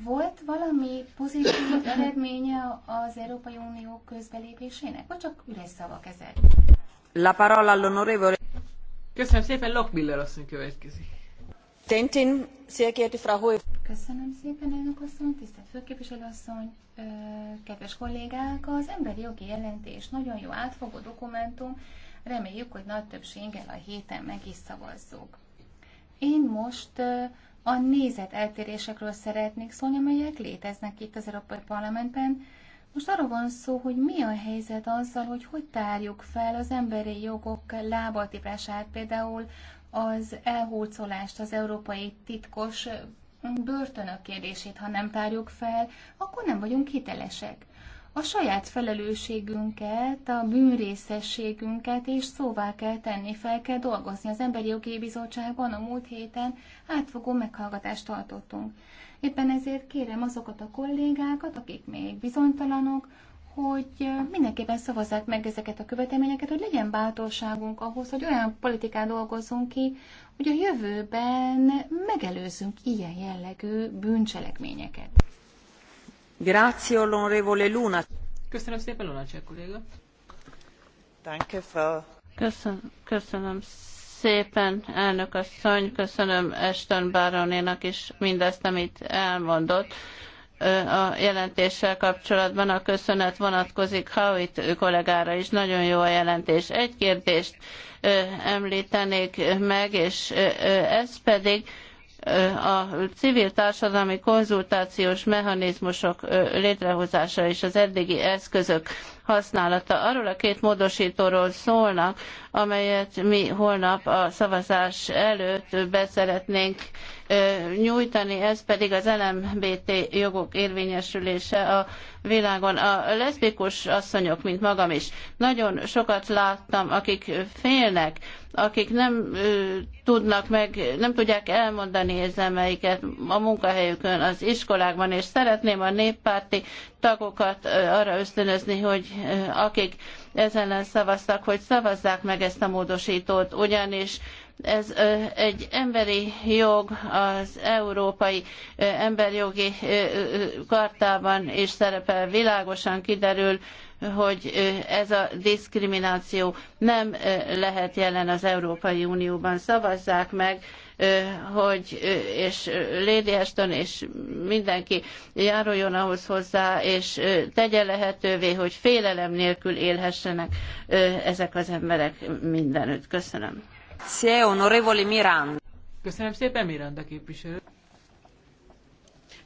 Volt valami pozitív eredménye az Európai Unió közbelépésének, vagy csak üres szavak ezek? La parola all'onorevole. Köszönöm szépen, Lockmiller asszony következik. Tentin, szélkérti, Frau Köszönöm szépen, elnök asszony, tisztelt főképviselő asszony, kedves kollégák, az emberi jogi jelentés nagyon jó átfogó dokumentum, reméljük, hogy nagy többséggel a héten meg is szavazzuk. Én most a nézeteltérésekről szeretnék szólni, amelyek léteznek itt az Európai Parlamentben. Most arról van szó, hogy mi a helyzet azzal, hogy hogy tárjuk fel az emberi jogok lábaltiprását, például az elhúzolást, az európai titkos börtönök kérdését, ha nem tárjuk fel, akkor nem vagyunk hitelesek a saját felelősségünket, a bűnrészességünket és szóvá kell tenni, fel kell dolgozni. Az Emberi Jogi Bizottságban a múlt héten átfogó meghallgatást tartottunk. Éppen ezért kérem azokat a kollégákat, akik még bizonytalanok, hogy mindenképpen szavazzák meg ezeket a követelményeket, hogy legyen bátorságunk ahhoz, hogy olyan politikát dolgozzunk ki, hogy a jövőben megelőzzünk ilyen jellegű bűncselekményeket. Köszönöm szépen, Lunacek kolléga. Danke, köszönöm szépen, elnök asszony, köszönöm Eston Baronénak is mindazt, amit elmondott a jelentéssel kapcsolatban a köszönet vonatkozik Howitt kollégára is. Nagyon jó a jelentés. Egy kérdést említenék meg, és ez pedig a civil társadalmi konzultációs mechanizmusok létrehozása és az eddigi eszközök használata. Arról a két módosítóról szólnak, amelyet mi holnap a szavazás előtt beszeretnénk nyújtani, ez pedig az LMBT jogok érvényesülése a világon. A leszbikus asszonyok, mint magam is, nagyon sokat láttam, akik félnek, akik nem tudnak meg, nem tudják elmondani érzelmeiket a munkahelyükön, az iskolákban, és szeretném a néppárti tagokat arra ösztönözni, hogy akik ezen ellen szavaztak, hogy szavazzák meg ezt a módosítót, ugyanis ez egy emberi jog az Európai Emberjogi Kartában is szerepel, világosan kiderül, hogy ez a diszkrimináció nem lehet jelen az Európai Unióban. Szavazzák meg, hogy és Lady Ashton és mindenki járuljon ahhoz hozzá, és tegye lehetővé, hogy félelem nélkül élhessenek ezek az emberek mindenütt. Köszönöm. Grazie, onorevole Miranda. Köszönöm szépen, Miranda képviselő.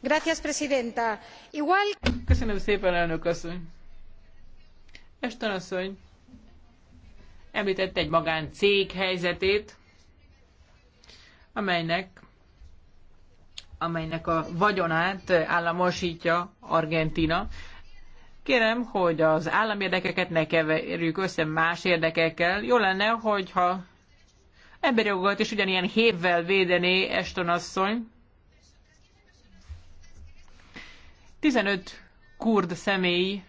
Gracias, presidenta. Igual... Köszönöm szépen, elnök asszony. Eston asszony említette egy magán cég helyzetét, amelynek amelynek a vagyonát államosítja Argentina. Kérem, hogy az állami ne keverjük össze más érdekekkel. Jó lenne, hogyha emberi jogokat is ugyanilyen hévvel védené Eston asszony. 15 kurd személy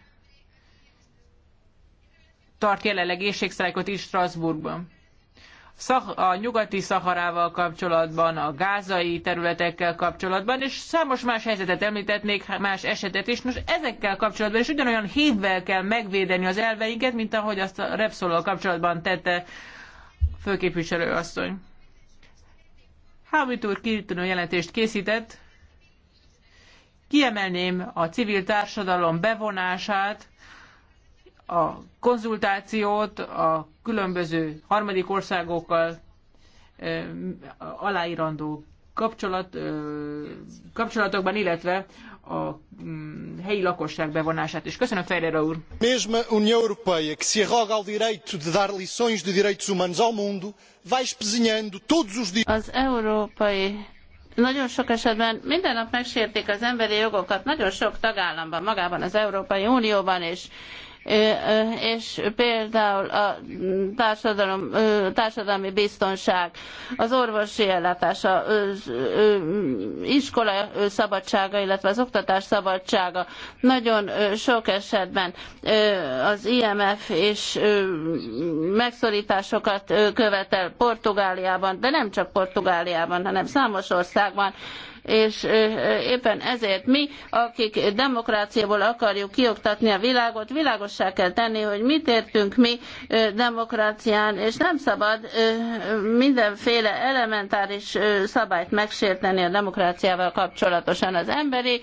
tart jelenleg éjségszájkot is Strasbourgban. A nyugati szaharával kapcsolatban, a gázai területekkel kapcsolatban, és számos más helyzetet említetnék, más esetet is. Nos, ezekkel kapcsolatban is ugyanolyan hívvel kell megvédeni az elveinket, mint ahogy azt a Repsolval kapcsolatban tette főképviselő asszony. Howitt úr kitűnő jelentést készített. Kiemelném a civil társadalom bevonását, a konzultációt a különböző harmadik országokkal aláírandó kapcsolat, kapcsolatokban, illetve a mm, helyi lakosság bevonását is. Köszönöm, Ferreira úr! Mesma União Europeia que se arroga ao direito de dar lições de direitos humanos ao mundo, vai espezinhando todos os dias... Az európai nagyon sok esetben minden nap megsértik az emberi jogokat, nagyon sok tagállamban, magában az Európai Unióban, és és például a társadalom, társadalmi biztonság, az orvosi ellátás, az iskola szabadsága, illetve az oktatás szabadsága. Nagyon sok esetben az IMF és megszorításokat követel Portugáliában, de nem csak Portugáliában, hanem számos országban és éppen ezért mi, akik demokráciából akarjuk kioktatni a világot, világossá kell tenni, hogy mit értünk mi demokrácián, és nem szabad mindenféle elementáris szabályt megsérteni a demokráciával kapcsolatosan. Az emberi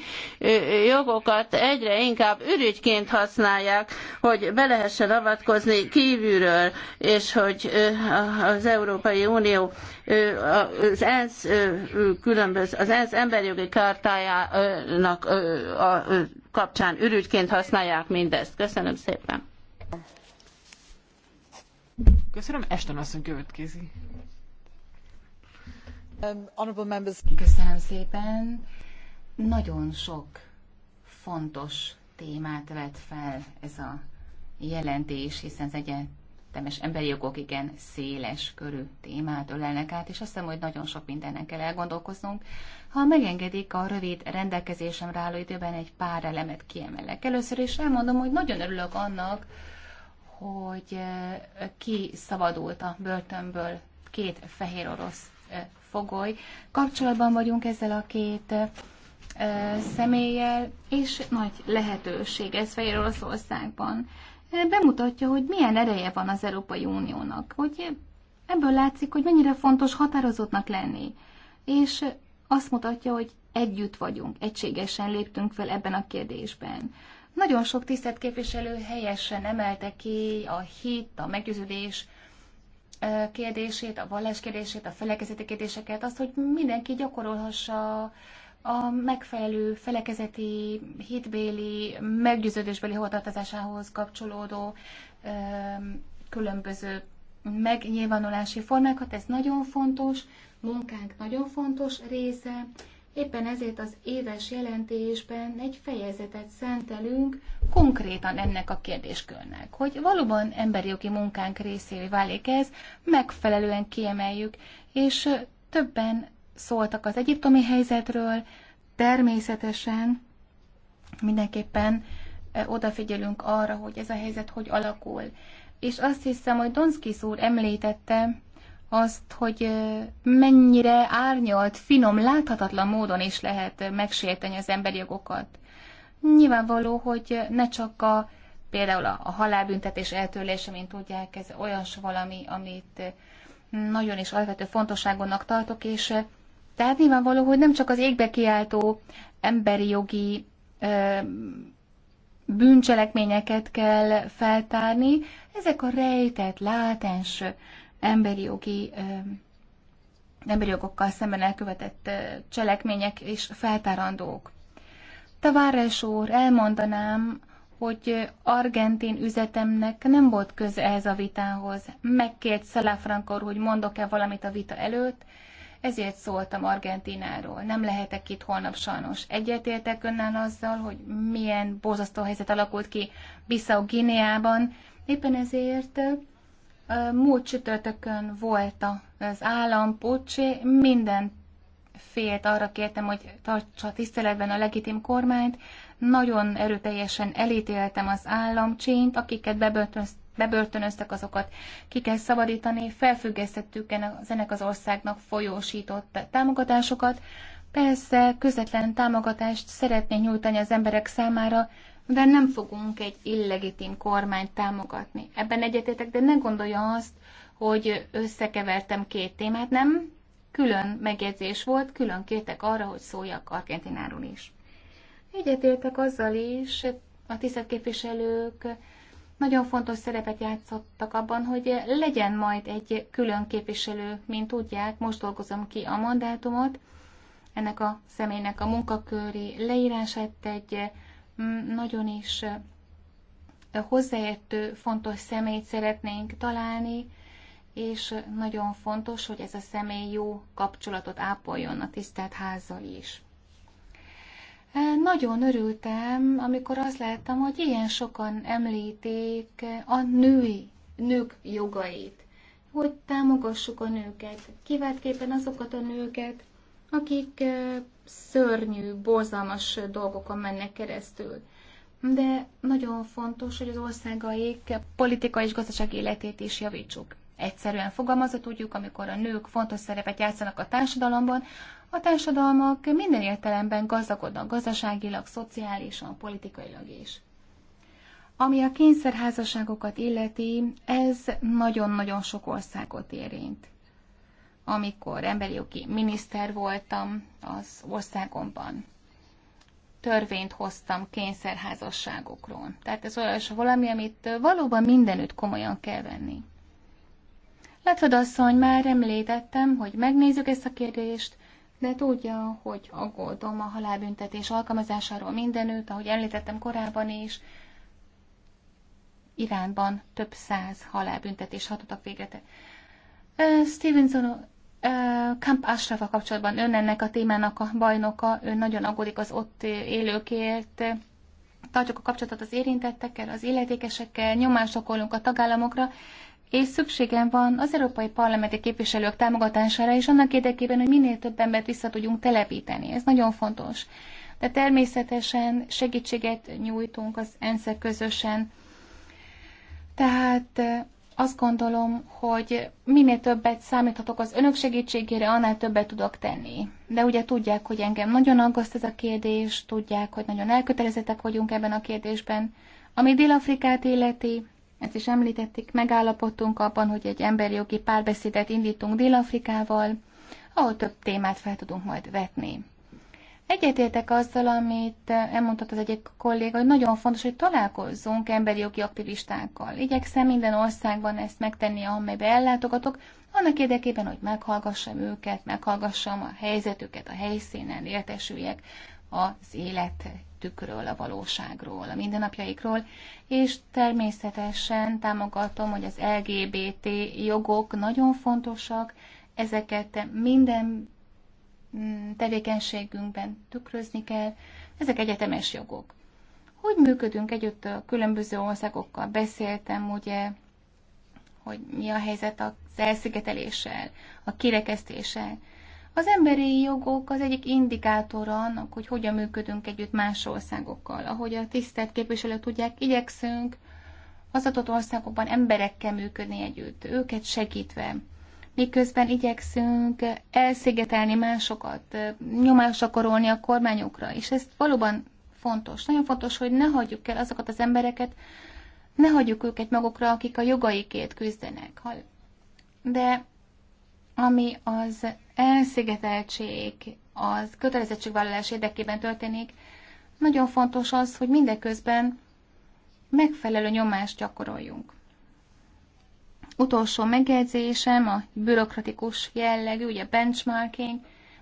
jogokat egyre inkább ürügyként használják, hogy be lehessen avatkozni kívülről, és hogy az Európai Unió az ENSZ, különböző, az ENSZ emberjogi kartájának a kapcsán ürügyként használják mindezt. Köszönöm szépen. Köszönöm, Eston asszony következik. Um, Köszönöm szépen. Nagyon sok fontos témát vet fel ez a jelentés, hiszen ez egy temes emberi jogok igen széles körű témát ölelnek át, és azt hiszem, hogy nagyon sok mindennek kell elgondolkoznunk. Ha megengedik a rövid rendelkezésemre álló időben egy pár elemet kiemelek. Először is elmondom, hogy nagyon örülök annak, hogy ki szabadult a börtönből két fehér orosz fogoly. Kapcsolatban vagyunk ezzel a két személlyel, és nagy lehetőség ez Fehér Oroszországban bemutatja, hogy milyen ereje van az Európai Uniónak, hogy ebből látszik, hogy mennyire fontos határozottnak lenni, és azt mutatja, hogy együtt vagyunk, egységesen léptünk fel ebben a kérdésben. Nagyon sok tisztelt képviselő helyesen emelte ki a hit, a meggyőződés kérdését, a vallás kérdését, a felekezeti kérdéseket, azt, hogy mindenki gyakorolhassa a megfelelő felekezeti, hitbéli, meggyőződésbeli hovatartozásához kapcsolódó ö, különböző megnyilvánulási formákat. Ez nagyon fontos, munkánk nagyon fontos része. Éppen ezért az éves jelentésben egy fejezetet szentelünk konkrétan ennek a kérdéskörnek, hogy valóban emberi jogi munkánk részévé válik ez, megfelelően kiemeljük, és többen szóltak az egyiptomi helyzetről, természetesen mindenképpen e, odafigyelünk arra, hogy ez a helyzet hogy alakul. És azt hiszem, hogy Donskis úr említette azt, hogy e, mennyire árnyalt, finom, láthatatlan módon is lehet megsérteni az emberi jogokat. Nyilvánvaló, hogy ne csak a például a, halálbüntetés eltörlése, mint tudják, ez olyas valami, amit e, nagyon is alapvető fontosságonnak tartok, és tehát nyilvánvaló, hogy nem csak az égbe kiáltó emberi jogi ö, bűncselekményeket kell feltárni, ezek a rejtett, látens emberi jogi ö, emberi jogokkal szemben elkövetett cselekmények és feltárandók. Tavares úr, elmondanám, hogy argentin üzetemnek nem volt köze ehhez a vitához. Megkért Szelá hogy mondok-e valamit a vita előtt, ezért szóltam Argentináról. Nem lehetek itt holnap sajnos. Egyetértek önnel azzal, hogy milyen borzasztó helyzet alakult ki Bissau Gineában. Éppen ezért múlt csütörtökön volt az állampucsi, minden félt arra kértem, hogy tartsa tiszteletben a legitim kormányt. Nagyon erőteljesen elítéltem az államcsényt, akiket bebörtönöztek azokat, ki kell szabadítani, felfüggesztettük ennek az országnak folyósított támogatásokat. Persze közvetlen támogatást szeretné nyújtani az emberek számára, de nem fogunk egy illegitim kormányt támogatni. Ebben egyetétek, de ne gondolja azt, hogy összekevertem két témát, nem? Külön megjegyzés volt, külön kértek arra, hogy szóljak Argentináról is. Egyetértek azzal is, a tisztelt képviselők nagyon fontos szerepet játszottak abban, hogy legyen majd egy külön képviselő, mint tudják, most dolgozom ki a mandátumot, ennek a személynek a munkaköri leírását egy mm, nagyon is eh, hozzáértő, fontos személyt szeretnénk találni, és nagyon fontos, hogy ez a személy jó kapcsolatot ápoljon a tisztelt házzal is. Nagyon örültem, amikor azt láttam, hogy ilyen sokan említik a női, nők jogait, hogy támogassuk a nőket, kiváltképpen azokat a nőket, akik szörnyű, borzalmas dolgokon mennek keresztül. De nagyon fontos, hogy az országaik politikai és gazdasági életét is javítsuk. Egyszerűen fogalmazva tudjuk, amikor a nők fontos szerepet játszanak a társadalomban, a társadalmak minden értelemben gazdagodnak gazdaságilag, szociálisan, politikailag is. Ami a kényszerházasságokat illeti, ez nagyon-nagyon sok országot érint. Amikor emberi jogi miniszter voltam az országomban, törvényt hoztam kényszerházasságokról. Tehát ez olyas valami, amit valóban mindenütt komolyan kell venni. Látod, asszony, már említettem, hogy megnézzük ezt a kérdést, de tudja, hogy aggódom a halálbüntetés alkalmazásáról mindenütt, ahogy említettem korábban is, Iránban több száz halálbüntetés hatottak végre. Uh, Stevenson uh, Camp Ashrafa kapcsolatban ön ennek a témának a bajnoka, ön nagyon aggódik az ott élőkért. Tartjuk a kapcsolatot az érintettekkel, az illetékesekkel, nyomást okolunk a tagállamokra, és szükségem van az európai parlamenti képviselők támogatására és annak érdekében, hogy minél több embert vissza tudjunk telepíteni. Ez nagyon fontos. De természetesen segítséget nyújtunk az ENSZ közösen. Tehát azt gondolom, hogy minél többet számíthatok az önök segítségére, annál többet tudok tenni. De ugye tudják, hogy engem nagyon aggaszt ez a kérdés, tudják, hogy nagyon elkötelezettek vagyunk ebben a kérdésben. Ami Dél-Afrikát illeti, ezt is említették, megállapodtunk abban, hogy egy emberi jogi párbeszédet indítunk Dél-Afrikával, ahol több témát fel tudunk majd vetni. Egyetértek azzal, amit elmondott az egyik kolléga, hogy nagyon fontos, hogy találkozzunk emberi jogi aktivistákkal. Igyekszem minden országban ezt megtenni, amelybe ellátogatok, annak érdekében, hogy meghallgassam őket, meghallgassam a helyzetüket a helyszínen, értesüljek az élet életükről, a valóságról, a mindennapjaikról, és természetesen támogatom, hogy az LGBT jogok nagyon fontosak, ezeket minden mm, tevékenységünkben tükrözni kell, ezek egyetemes jogok. Hogy működünk együtt a különböző országokkal? Beszéltem ugye, hogy mi a helyzet az elszigeteléssel, a kirekesztéssel, az emberi jogok az egyik indikátora annak, hogy hogyan működünk együtt más országokkal. Ahogy a tisztelt képviselők tudják, igyekszünk az adott országokban emberekkel működni együtt, őket segítve. Miközben igyekszünk elszigetelni másokat, nyomást akarolni a kormányokra, és ez valóban fontos. Nagyon fontos, hogy ne hagyjuk el azokat az embereket, ne hagyjuk őket magukra, akik a jogaikért küzdenek. De ami az elszigeteltség, az kötelezettségvállalás érdekében történik, nagyon fontos az, hogy mindeközben megfelelő nyomást gyakoroljunk. Utolsó megjegyzésem a bürokratikus jellegű, ugye benchmarking,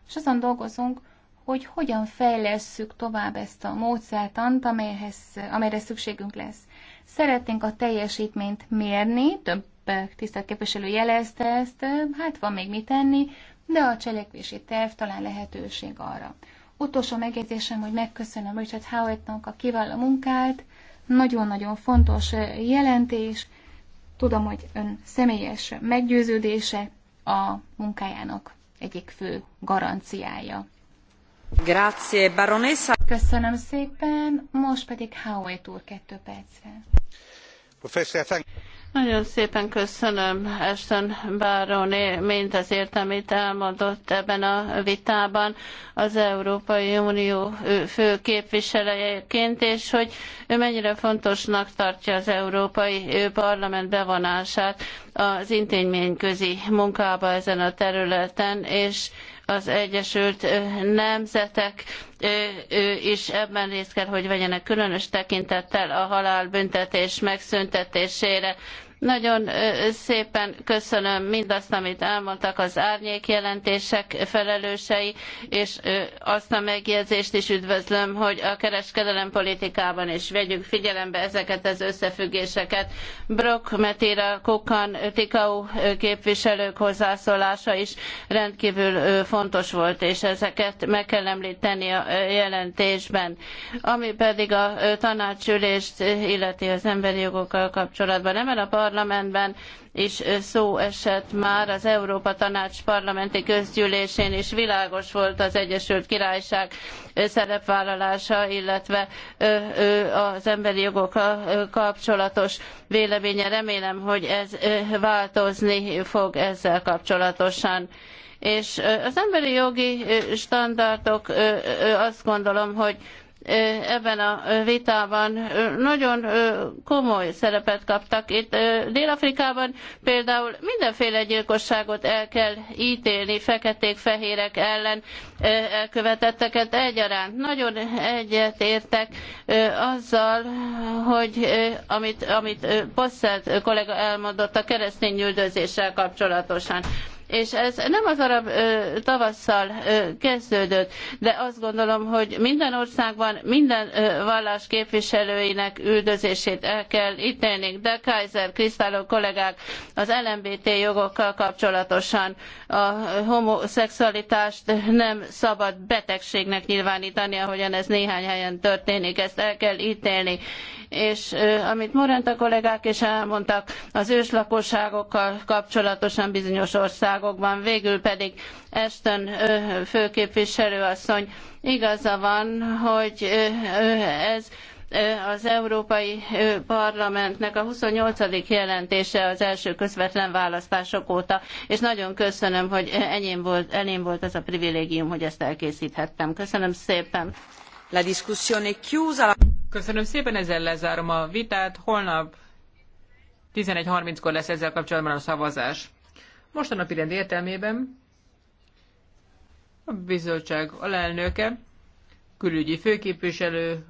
és azon dolgozunk, hogy hogyan fejlesszük tovább ezt a módszertant, amelyhez, amelyre szükségünk lesz. Szeretnénk a teljesítményt mérni, több tisztelt képviselő jelezte ezt, hát van még mit tenni, de a cselekvési terv talán lehetőség arra. Utolsó megjegyzésem, hogy megköszönöm Richard Howard-nak a kiváló munkát, nagyon-nagyon fontos jelentés, tudom, hogy ön személyes meggyőződése a munkájának egyik fő garanciája. Grazie, baronessa. Köszönöm szépen, most pedig Howard úr kettő percre. Professor, thank- nagyon szépen köszönöm Eston Bároné mindazért, amit elmondott ebben a vitában az Európai Unió fő képviselőjeként, és hogy ő mennyire fontosnak tartja az Európai Parlament bevonását az intézményközi munkába ezen a területen, és az Egyesült Nemzetek is ebben részt kell, hogy vegyenek különös tekintettel a halálbüntetés megszüntetésére nagyon szépen köszönöm mindazt, amit elmondtak az árnyék jelentések felelősei, és azt a megjegyzést is üdvözlöm, hogy a kereskedelem politikában is vegyük figyelembe ezeket az összefüggéseket. Brok, Metira, Kukan, Tikau képviselők hozzászólása is rendkívül fontos volt, és ezeket meg kell említeni a jelentésben. Ami pedig a tanácsülést illeti az emberi jogokkal kapcsolatban, nem a parlamentben is szó esett már az Európa Tanács parlamenti közgyűlésén is világos volt az Egyesült Királyság szerepvállalása, illetve az emberi jogokkal kapcsolatos véleménye. Remélem, hogy ez változni fog ezzel kapcsolatosan és az emberi jogi standardok azt gondolom, hogy ebben a vitában nagyon komoly szerepet kaptak. Itt Dél-Afrikában például mindenféle gyilkosságot el kell ítélni, feketék-fehérek ellen elkövetetteket egyaránt. Nagyon egyetértek azzal, hogy amit, amit Posselt kollega elmondott a keresztény üldözéssel kapcsolatosan és ez nem az arab tavasszal kezdődött, de azt gondolom, hogy minden országban minden vallás képviselőinek üldözését el kell ítélni. De Kaiser, Krisztáló kollégák az LMBT jogokkal kapcsolatosan a homoszexualitást nem szabad betegségnek nyilvánítani, ahogyan ez néhány helyen történik, ezt el kell ítélni és amit Morenta kollégák is elmondtak, az őslakosságokkal kapcsolatosan bizonyos országokban, végül pedig Eston főképviselő asszony igaza van, hogy ez az Európai Parlamentnek a 28. jelentése az első közvetlen választások óta, és nagyon köszönöm, hogy enyém volt, enyém volt ez a privilégium, hogy ezt elkészíthettem. Köszönöm szépen. La discussione chiusa. Köszönöm szépen, ezzel lezárom a vitát. Holnap 11.30-kor lesz ezzel kapcsolatban a szavazás. Most a napi rend értelmében a bizottság alelnöke, külügyi főképviselő,